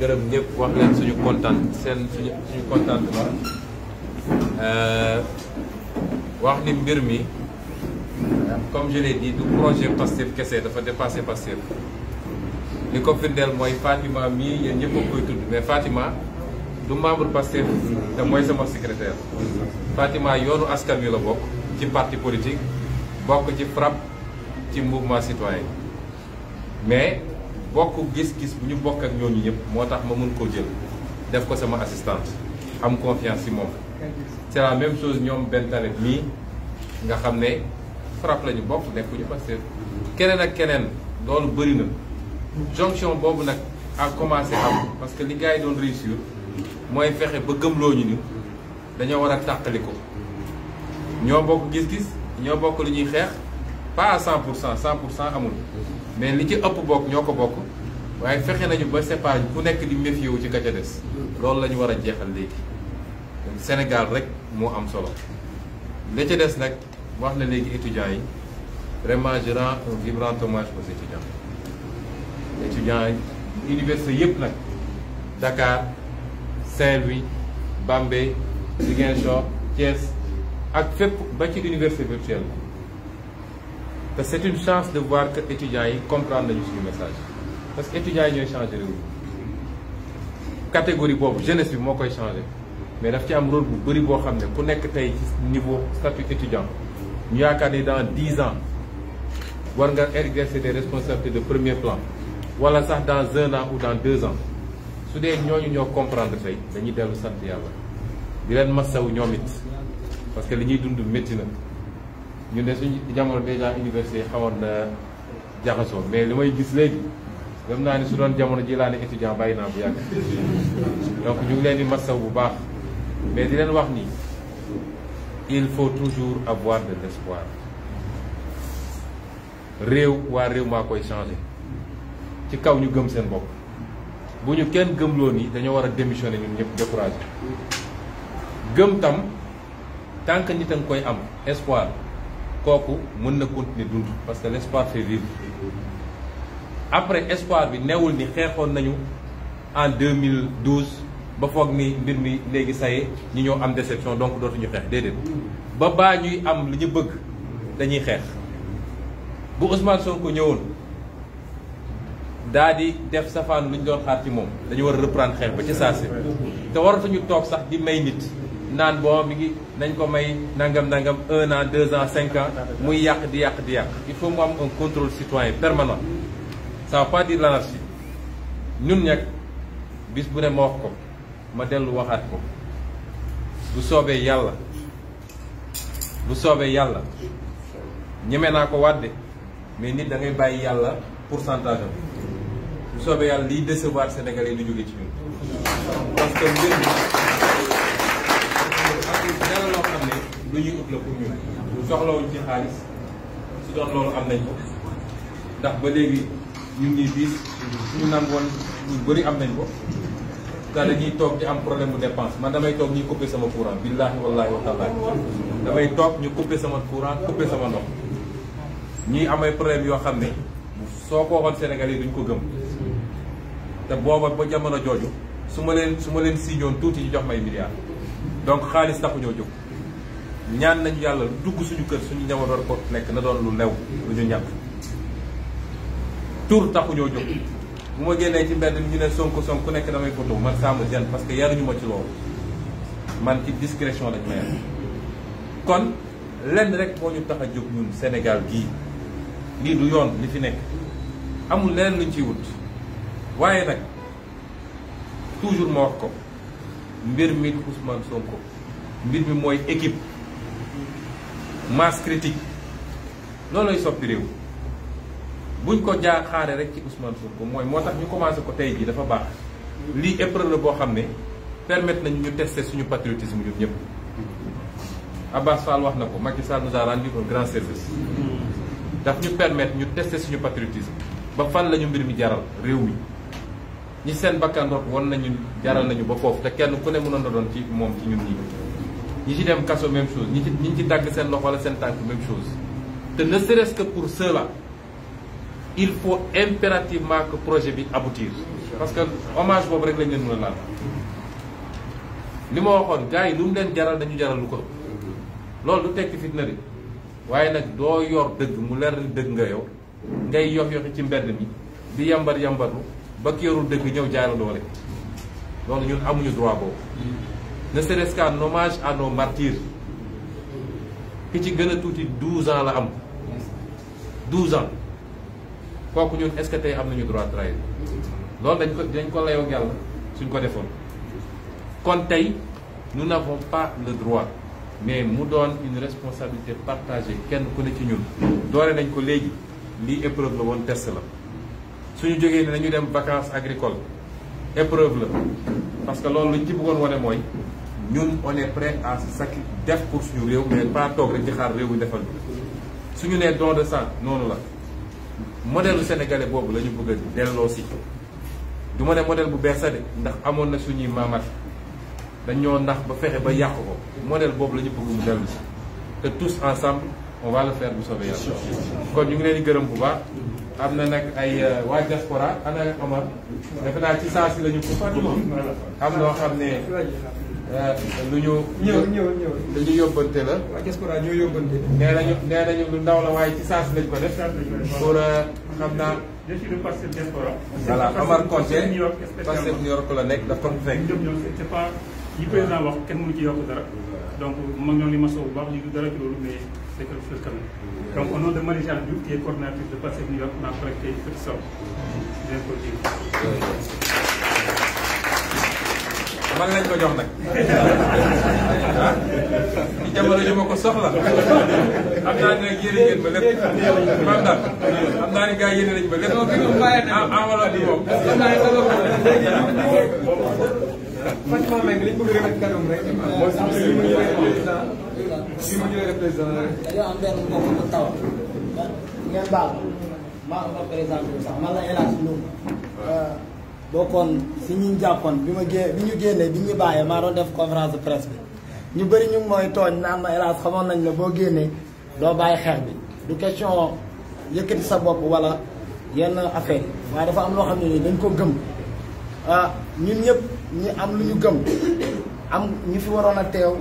gërëm ñëpp wax leen suñu kontaan seen suñu suñu contentement euh, wax ni mbir mi comme je l'ai dit du projet Pastef kese dafa dépassé Pastef li ko firndeel mooy Fatima mii yéen ñëpp a koy tudd mais Fatima du membre Pastef te mooy sama secrétaire Fatima yoonu askan wi la bokk ci parti politique bokk ci FRAPP ci mouvement citoyen mais bokk gis-gis bu ñu bokk ak ñooñu ñëpp moo tax ma mun koo jël def ko sama assistante am confiance ci moom. c'est la même chose ñoom benn talet mii nga xam ne frappe la ñu bokk nekkuñu Pastef keneen ak keneen loolu bëri na jonction boobu nag a commencé am parce que li gars doon réussir mooy fexe ba gëmloo ñu ni dañoo war a tàqali ko ñoo bokk gis-gis ñoo bokk lu ñuy xeex pas à 100 pour cent 100 pour cent amul. mais li ci ëpp bokk ñoo ko bokk waaye fexe nañu ba séparé ku nekk di méfié wu ci ka ca des. loolu la ñu war a jeexal léegi. Sénégal rek moo am solo li ca des nag wax na léegi étudiants yi vraiment je rends un vibrant hommage aux étudiants. étudiants yi université yëpp nag Dakar Saint-Louis Bambey Ziguinchor Thiès ak fépp ba ci université virtuelle que c'est une chance de voir que étudiants yi comprendre nañu suñu message parce que étudiants yi ñooy changer réew catégorie boobu jeunesse bi moo koy changer mais daf ci am rôle bu bëri boo xam ne ku nekk tey ci niveau statut étudiant ñu yaakaar ni dans dix ans war nga exercer des responsabilités de premier plan wala sax dans un an ou dans deux ans su dee ñooñu ñoo comprendre tey dañuy dellu sant yàlla di leen massawu ñoom it parce que li ñuy dund métti na. ñu de suñu jamono déjà université xawoon na jaxasoo mais li may gis léegi dem naa ni su doon jamono ji laa ne étudiant bàyyi naa bu yàgg donc ñu ngi leen di bu baax mais li leen wax nii il faut toujours ab avoir de l'espoir réew waa réew maa koy changer ci kaw ñu gëm seen bopp bu ñu kenn gëmloo ni dañoo war a démissionner ñun ñëpp découragé gëm tam tant que nit a nga koy am espoir kooku mën na continuer dund parce que l' espoir fait après espoir bi newul ni xeexoon nañu en 2012 ba foog ni mbir mi léegi saye ñi ñoo am déception donc dootuñu xeex déedéet ba baa ñuy am lu ñu bëgg dañuy xeex bu Ousmane Sonko ñëwoon daa di def safaan lu ñu doon xaar ci moom dañu war a reprendre xeex ba ci saa si te waratuñu toog sax di may nit naan bon mi ngi nañ ko may nangam nangam un an deux ans cinq ans muy yàq di yàq di yàq il faut mu am un contrôle citoyen permanent ça veut pas dire l'anarchie ñun ñag bis bu ne ma wax ko ma dellu waxaat ko bu soobee yàlla bu soobee yàlla ñeme naa ko wàdde mais nit da ngay bàyyi yàlla pour am bu soobee yàlla liy décevoir sénégalais du jóge ci ñun amul dara xam ne lu ñuy ut la pour ñun soxlawuñ ci xaalis su doon loolu am nañ ko ndax ba léegi ñun ñuy biis suñu nangoon ñu bëri am nañ ko te dañuy toog di am problème bu dépense man damay toog ñuy couper sama courant billaahi wallaahi wa taala damay toog ñu couper sama courant couper sama ndox ñuy amay problème yoo xam ne soo ko waxoon Sénégal yi duñ ko gëm te booba ba jamono jooju su ma leen su ma leen siiñoon tuuti ñu jox may milliards donc xaalis taxu ñoo jóg ñaan nañu yàlla dugg suñu kër suñu njaboot war ko lekk na doon lu lew lu ñu ñàkk tur taxuñoo jóg bu ma génnee ci mbedd mi ñu ne sonk sonk ku nekk damay photo man ça me gêne parce que yaruñu ma ci loolu man ci discrétion lañ ma yar kon lenn rek moo ñu tax a jóg ñun Sénégal gii lii du yoon li fi nekk amul leneen luñ ciy wut waaye nag toujours ma wax ko mbir mi du Ousmane Sonko mbir mi mooy équipe masse critique loolu lay soppi réew buñ ko jaar xaare rek ci Ousmane ko mooy moo tax ñu commencé ko tey jii dafa baax lii épreuve boo xam ne permettre nañ ñu tester suñu patriotisme ñun ñëpp Abbas Fall wax na ko Macky Sall nous a rendu un grand service daf ñu permettre ñu tester suñu patriotisme ba fan la ñu mbir mi jaral réew mi ñi seen bakkan rot woon nañu jaral nañu ba foofu te kenn ku ne mënoon na doon ci moom ci ñun ñi ñi ci dem kaso même chose ñi ci ci dagg seen loxo wala seen tànk même chose te ne serait-ce que pour la il faut impérativement que projet bi aboutir parce que hommage boobu rek lañ leen mën a laal li ma waxoon gars yi lu mu leen jaral dañu jaral lu ko loolu du tekki fitna waaye nag doo yor dëgg mu leer dëgg nga yow ngay yox yoxi ci mbedd mi bi yambar yambaru ba ki yorul dëgg ñëw jaay la doole loolu ñun amuñu droit boobu ne serait-ce qu'un hommage ki ci gën a tuuti douze ans la am douze ans kooku ñun est-ce tey am nañu droit trahir loolu dañ ko dañ ko layoo yàlla suñ ko defoon kon tey nous n'avons pas le droit mais mu doon une responsabilité partagée kenn ku ne ci ñun doore nañ ko léegi lii épreuve la woon test la su suñu jógee ne dañu dem vacances agricoles épreuve la parce que loolu luñ ci bëggoon wane mooy ñun one près à se sacri def pour suñu réew mais pas toog rek di xaar réew mi defal suñu nee don de sang noonu la modèle sénégalais boobu la ñu bëgg a delloo si du ma ne modèle bu bees de ndax amoon na suñuy maamat dañoo ndax ba fexe ba yàqu ko modèle boobu la ñu bëgg mu dellu te tous ensemble on va le faire bu soobee yàlla kon ñu ngi leen gërëm bu baax am na nag ay euh, waa diaspora ana Omar defe naa ci saa si la ñu ko am loo xam ne euh, lu ñu. ñëw ñëw ñëw lu ñu yóbbante la. waa diaspora ñoo yóbbante. nee nañu nee nañu lu ndaw la waaye ci saa si lañ ko def. pour euh, xam naa. je suis de Pastef diaspora. voilà Omar Konté Pastef New York la nekk daf ko fekk. kenn mënu ci yokk dara. donc ma ñoo li ma sow bu baax loolu mais. c'est quelque chose quand même. Donc au nom de Marie-Jeanne Diouf, qui est coordinatrice de PASTEF New York, on a collecté cette somme. bien ko ji. man lañ ko jox nag. ah. ci jamono ji ma ko soxla. am naa ne nag yéene ngeen ba lépp. maam daal am naa ne gars yéene nañu ba lépp. ah ah wala di moom. man maa mel ni li ñu bëgg a rek kanam rek. si ma ñëwee président la rek. bokkoon si ñi jàppoon bi ma gé bi ñu génnee bi ñu bàyyee maa doon def conférence de presse bi ñu bëri ñu mooy tooñ naan ma El xamoon nañ la boo génnee doo bàyyi xeex bi du question yëkkati sa bopp wala yenn affaire yi waaye dafa am loo xam ne nii dañ ko gëm ah ñun ñëpp ñu am lu ñu gëm am ñu fi waroon a teew.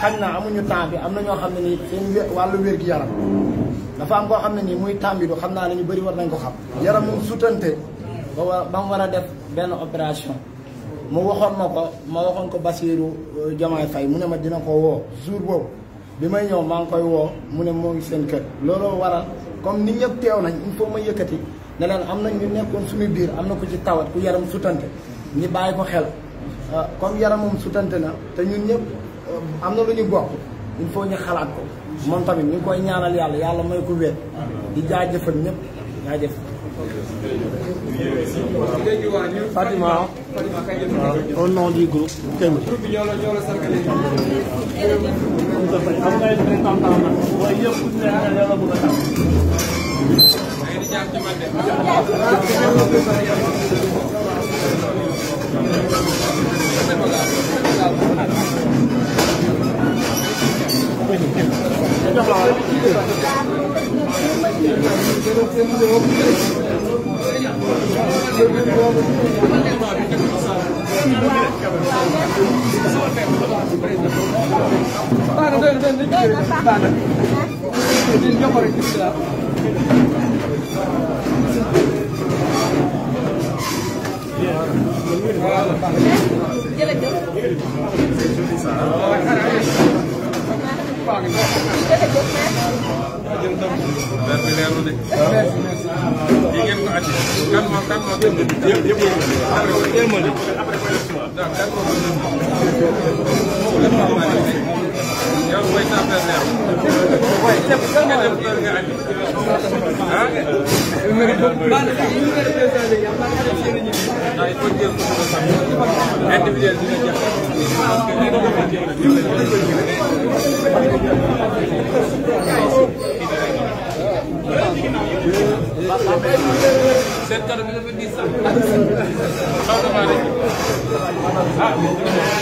xam na amuñu temps am na ñoo xam ne nii seen wàllu wér-gi-yaram dafa am koo xam ne nii muy tàmbidu xam naa ne ñu bëri war nañ ko xam yaram mu sutante ba war a def benn opération mu waxoon ma ko ma waxoon ko Basirou Diomaye euh, Faye mu ne ma dina ko woo jour boobu bi may ñëw maa ngi koy woo mu ne moo ngi seen kër looloo waral comme ni ñëpp teew nañ il faut ma yëkkati ne leen am na ñu nekkoon suñu biir am na ku ci tawat ku yaram sutante ñi bàyyi ko xel euh, comme yaramam sutante na te ñun ñëpp Euh, am na lu ñu bokk il faut ñu xalaat ko moom tamit ñu koy ñaanal yàlla yàlla may ko wér di jaajëfal ñëpp jaajëf Fatima au nom Voilà. Jërëjëf. ngeen ko yow mooy sa affaire ah.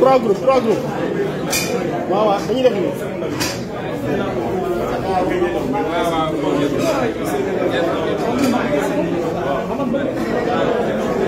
trois groupes trois groupes waaw waaw dañuy def nii. waaw waaw